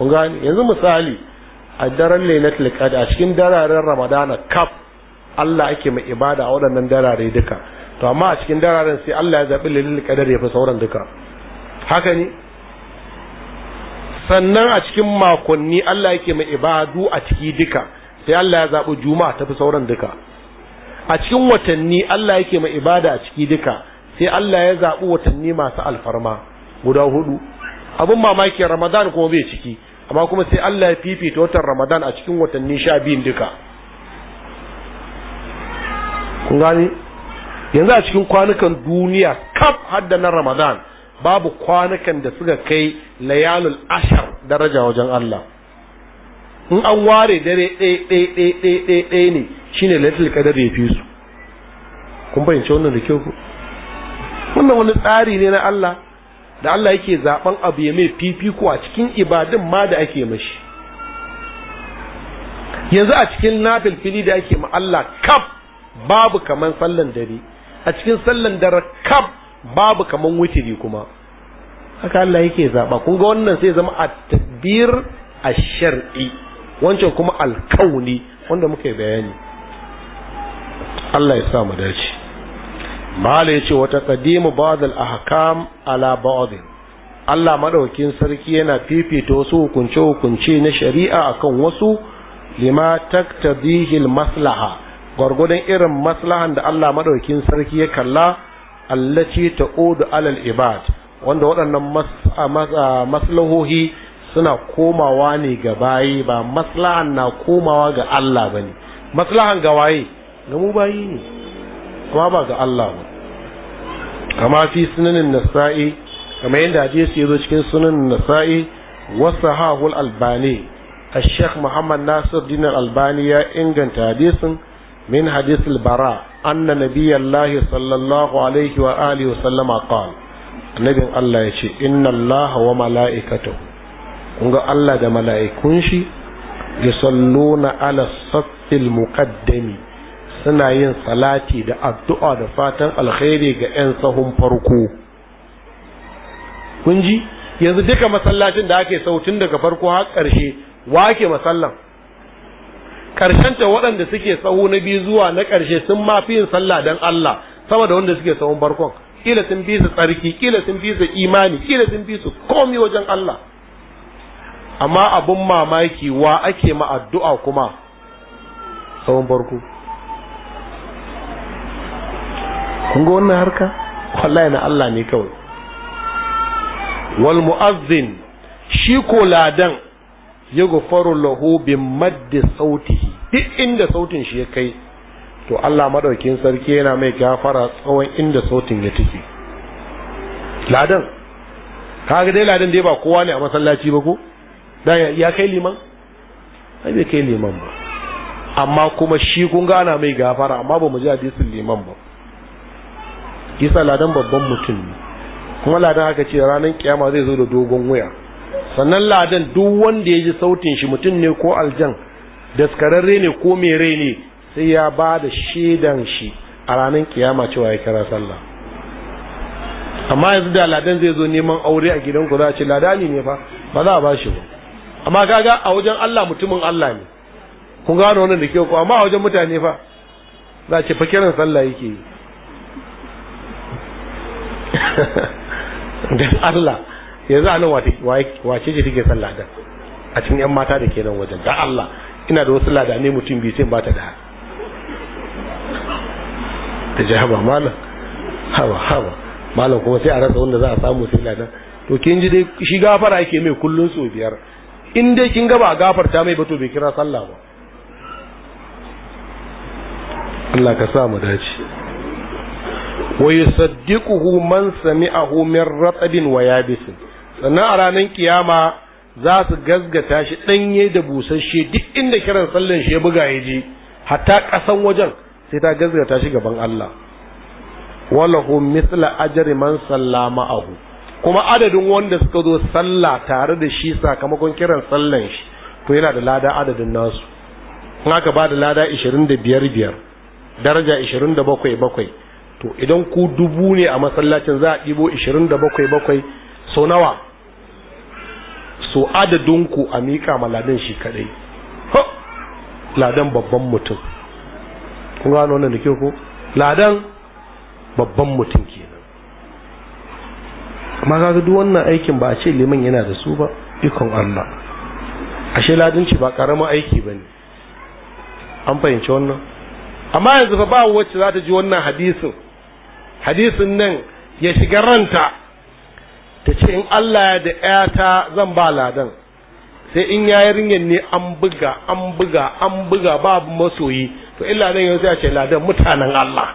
kun yanzu misali a daren lailatul qadr a cikin dararen ramadana kaf Allah ake mai ibada a waɗannan darare duka to amma a cikin dararen sai Allah ya zaɓi lilil kadar ya fi sauran duka haka ne sannan a cikin makonni Allah yake mai ibadu a ciki duka sai Allah ya zaɓi juma'a ta fi sauran duka a cikin watanni Allah yake mai ibada a ciki duka sai Allah ya zaɓi watanni masu alfarma guda hudu abin mamaki ramadan kuma bai ciki amma kuma sai Allah ya fifita watan ramadan a cikin watanni sha biyun duka kun gani yanzu a cikin kwanukan duniya kaf hadda na ramadan babu kwanukan da suka kai layalul ashar daraja wajen Allah in an ware dare ɗaya ne shine laitul kadar ya fi su kun bayyance wannan da kyau ku wannan wani tsari ne na Allah da Allah yake zaben abu ya mai fifiko a cikin ibadun ma da ake mashi yanzu a cikin nafil fili da ake ma Allah kaf babu kaman sallan dare a cikin sallan dare kab babu kaman witiri kuma haka Allah yake zaba kun ga wannan sai zama at-tadbir ash-shar'i wancan kuma al-kauni wanda muke bayani Allah ya sa mu dace mala yace wata qadimu ba'd al-ahkam ala ba'd Allah madaukin sarki yana fifita wasu hukunce hukunce na shari'a akan wasu lima taktabihi al-maslaha gwargwadon irin maslahan da Allah madaukin sarki ya kalla allaci ta'udu alal ibad wanda waɗannan maslahohi suna komawa ne ga bayi ba maslahan na komawa ga Allah ba ne maslahan ga waye ga mu bayi ne kuma ba ga Allah ba kama fi sunanin nasa'i kama yadda hadisi ya zo cikin sunanin nasa'i wasu hahul albani الشيخ محمد ناصر دين الألباني إنجن تحديث من حديث البراء أن نبي الله صلى الله عليه وآله وسلم قال نبي الله يشي إن الله وملائكته unga Allah da mala’ikun shi yusallona ala saffil muqaddami suna yin salati da addu’a da fatan alkhairi ga ‘yan sahun farko kun ji yanzu duka masallacin da ake sautin daga farko har ƙarshe ke masallan ta waɗanda suke tsawo na biyu zuwa na ƙarshe sun ma fi yin sallah don Allah sama da wanda suke tsawon barkon kila sun bi su tsarki kila sun bi su imani kila sun bi su komi wajen Allah amma abun mamaki wa ake ma addu'a kuma tsawon barko kun ga wannan harka wallahi na Allah ne kawai wal mu'azzin shi ko ladan yughfaru lahu bi maddi sautihi duk inda sautin shi ya kai to Allah madaukin sarki yana mai gafara tsawon inda sautin ya take ladan kaga dai ladan dai ba kowa ne a masallaci ba ko da ya kai liman ai bai kai liman ba amma kuma shi kun gana mai gafara amma ba mu ji hadisin liman ba kisa ladan babban mutum ne kuma ladan aka ce ranar kiyama zai zo da dogon wuya sannan ladan duk wanda ya ji sautin shi mutum ne ko aljan daskararre ne ko mai rai ne sai ya ba da shaidan shi a ranar kiyama cewa ya kira sallah amma yanzu da ladan zai zo neman aure a ku za a ce ladani ne fa ba za a ba shi ba amma kaga a wajen Allah mutumin Allah ne kun gano wannan da ke ku amma a wajen mutane fa za a ce fa kiran sallah yake yi dan Allah yanzu a nan wace ce take son ladan a cikin yan mata da ke nan wajen da Allah ina da wasu ladane mutum biyu sai ba ta da ta ji haba malam haba haba malam kuma sai a rasa wanda za a samu sai ladan to kin ji dai shi gafara yake mai kullun so biyar in dai kin gaba a gafarta mai ba to bai kira sallah ba Allah ka sa mu dace wa yusaddiquhu man sami'ahu min ratabin wa yabisin sannan a ranar kiyama za su gazgata shi ɗanye da busasshe duk inda kiran sallan shi ya buga ya je hatta kasan wajen sai ta gazgata shi gaban Allah walahu mithla ajri man sallama ahu kuma adadin wanda suka zo sallah tare da shi sakamakon kiran sallan shi to yana da lada adadin nasu in aka ba da lada 25 biyar daraja 27 bakwai to idan ku dubu ne a masallacin za a ɗibo 27 bakwai sau nawa so adadinku a miƙa ma ladan shi kadai ladan babban mutum kun gano wannan da ke ko ladan babban mutum kenan amma kaga duk wannan aikin ba a ce liman yana da su ba ikon Allah ashe ladanci ba ƙaramin aiki bane an fahimci wannan amma yanzu fa ba wacce za ta ji wannan hadisin hadisin nan ya shiga ranta ta ce in Allah ya da ta zan ba ladan sai in ya yarinyar ne an buga an buga an buga babu masoyi to illa nan yanzu ya ce ladan mutanen Allah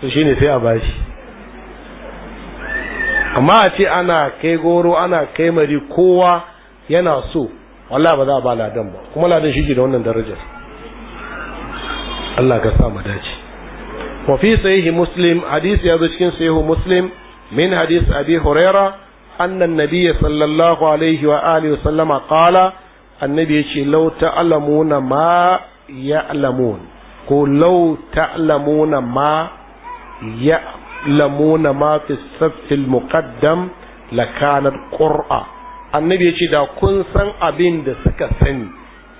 to shi ne sai a bashi amma a ce ana kai goro ana kai mari kowa yana so wallah ba za a ba ladan ba kuma ladan shi da wannan darajar Allah ka sa mu dace wa fi sahihi muslim hadisi ya zo cikin sahihu muslim min hadis abi huraira annan nabiyya sallallahu alaihi wa alihi wasallama qala annabi yace law ta'lamuna ma ya'lamun ko law ta'lamuna ma ya'lamuna ma fi saffil muqaddam lakanat qur'a annabi yace da kun san abin da suka sani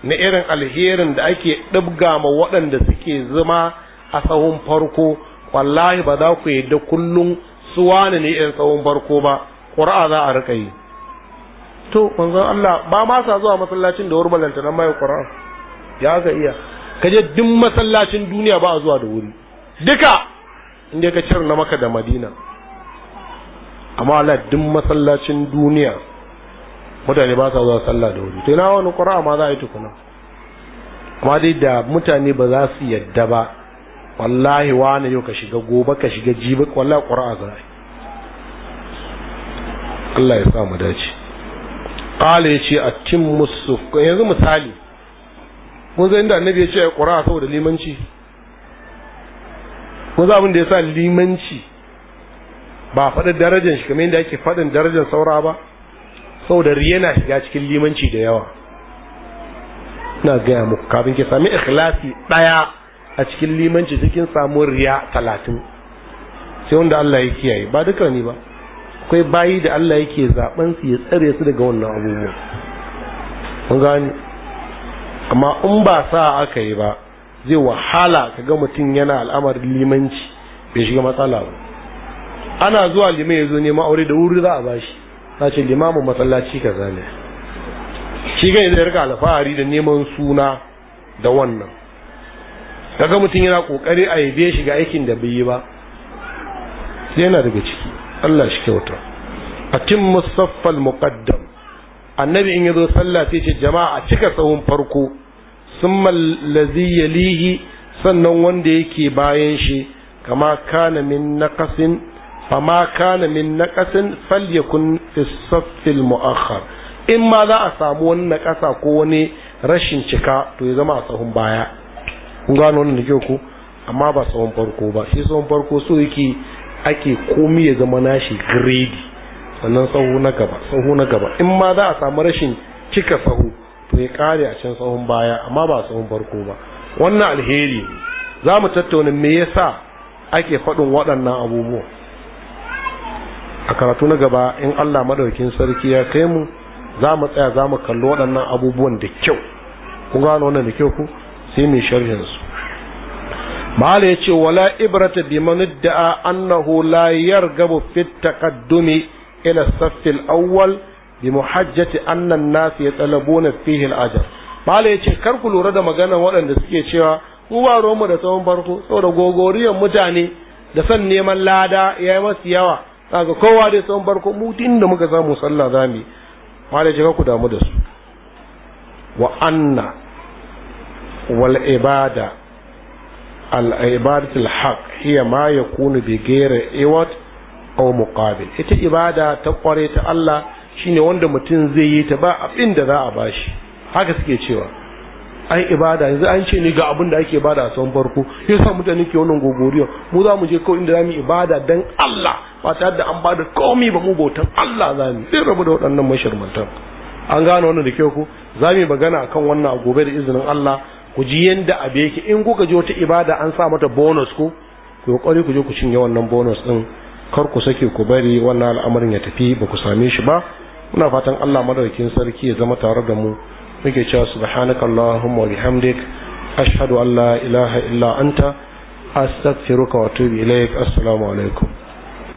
na irin alherin da ake ɗibga ma waɗanda suke zama a sahun farko wallahi ba za ku yadda kullum su wane ne yan tsawon barko ba ƙura'a za a rika yi to manzon Allah ba ma sa zuwa masallacin da wuri ballanta nan mai ƙura'a ya ga iya kaje duk masallacin duniya ba a zuwa da wuri duka inda ka cire na maka da madina amma Allah duk masallacin duniya mutane ba sa zuwa sallah da wuri to ina wani ƙura'a ma za a yi tukuna amma dai da mutane ba za su yadda ba wallahi wani yau ka shiga gobe ka shiga jibi wallahi ƙura'a za a yi Allah ya sa mu dace qala yace atim musuf yanzu misali kun zai inda annabi yace ya qura saboda limanci kun za abin da yasa limanci ba faɗin darajar shi kamar yadda ake faɗin darajar saura ba saboda riya na shiga cikin limanci da yawa na gaya muku kafin ke sami ikhlasi ɗaya a cikin limanci cikin samun riya talatin sai wanda Allah ya kiyaye ba duka ne ba akwai bayi da Allah yake zaben su ya tsare su daga wannan abubuwa kun gani amma in ba sa aka yi ba zai wahala ka ga mutum yana al'amarin limanci bai shiga matsala ba ana zuwa liman ya zo neman aure da wuri za a bashi na ce limamin masallaci kaza ne shi ga zai rika alfahari da neman suna da wannan kaga mutum yana kokari a yabe shi ga aikin da bai yi ba sai yana daga ciki Allah shi kyauta cin musaffal muqaddam annabi in yazo sallah sai ce jama'a a cika tsawon farko summa allazi yalihi sannan wanda yake bayan shi kama kana min naqasin fama kana min naqasin falyakun fi saffil muakhar in ma za a samu wani naƙasa ko wani rashin cika to ya zama a tsahon baya kun gano wannan da ku amma ba tsawon farko ba shi tsawon farko so yake ake komi ya zama nashi gredi sannan sahu na gaba sahu na gaba in ma za a samu rashin cika sahu to ya kare a can sahun baya amma ba sahun farko ba wannan alheri ne za mu tattauna me yasa ake faɗin waɗannan abubuwa a karatu na gaba in Allah maɗaukin sarki ya kai mu za mu tsaya za mu kalli waɗannan abubuwan da kyau ku gano wannan da kyau ku sai mu sharhin su mala ya ce wala ibrata bi da'a annahu la yargabu fi taqaddumi ila saffil awwal bi muhajjati anna an-nas yatalabuna fihi al-ajr mala ya ce kar ku lura da magana waɗanda suke cewa ku ba mu da tsawon farko saboda gogoriyar mutane da san neman lada ya yi masu yawa kaga kowa dai tsawon farko din da muka samu sallah zamu mala ya ce ku damu da su wa anna wal ibada al-ibadatul haq hiya ma yakunu bi ghairi iwat aw muqabil ita ibada ta kware ta Allah shine wanda mutum zai yi ta ba abin da za a bashi haka suke cewa ai ibada yanzu an ce ni ga abin da ake bada a son farko yasa mutane ke wannan gogoriya mu za mu je kawai inda zamu ibada dan Allah ba tare da an bada komai ba mu bautan Allah zamu sai rabu da waɗannan masharmantan an gane wannan da kyau ko zamu magana akan wannan gobe da izinin Allah ku ji yadda abe yake in kuka je wata ibada an sa mata bonus ko ku kokari ku je ku cinye wannan bonus din kar ku sake ku bari wannan al'amarin ya tafi ba ku same shi ba muna fatan Allah madaukakin sarki ya zama tare da mu muke cewa subhanaka allahumma wa bihamdik ashhadu an la ilaha illa anta astaghfiruka wa atubu ilaik assalamu alaikum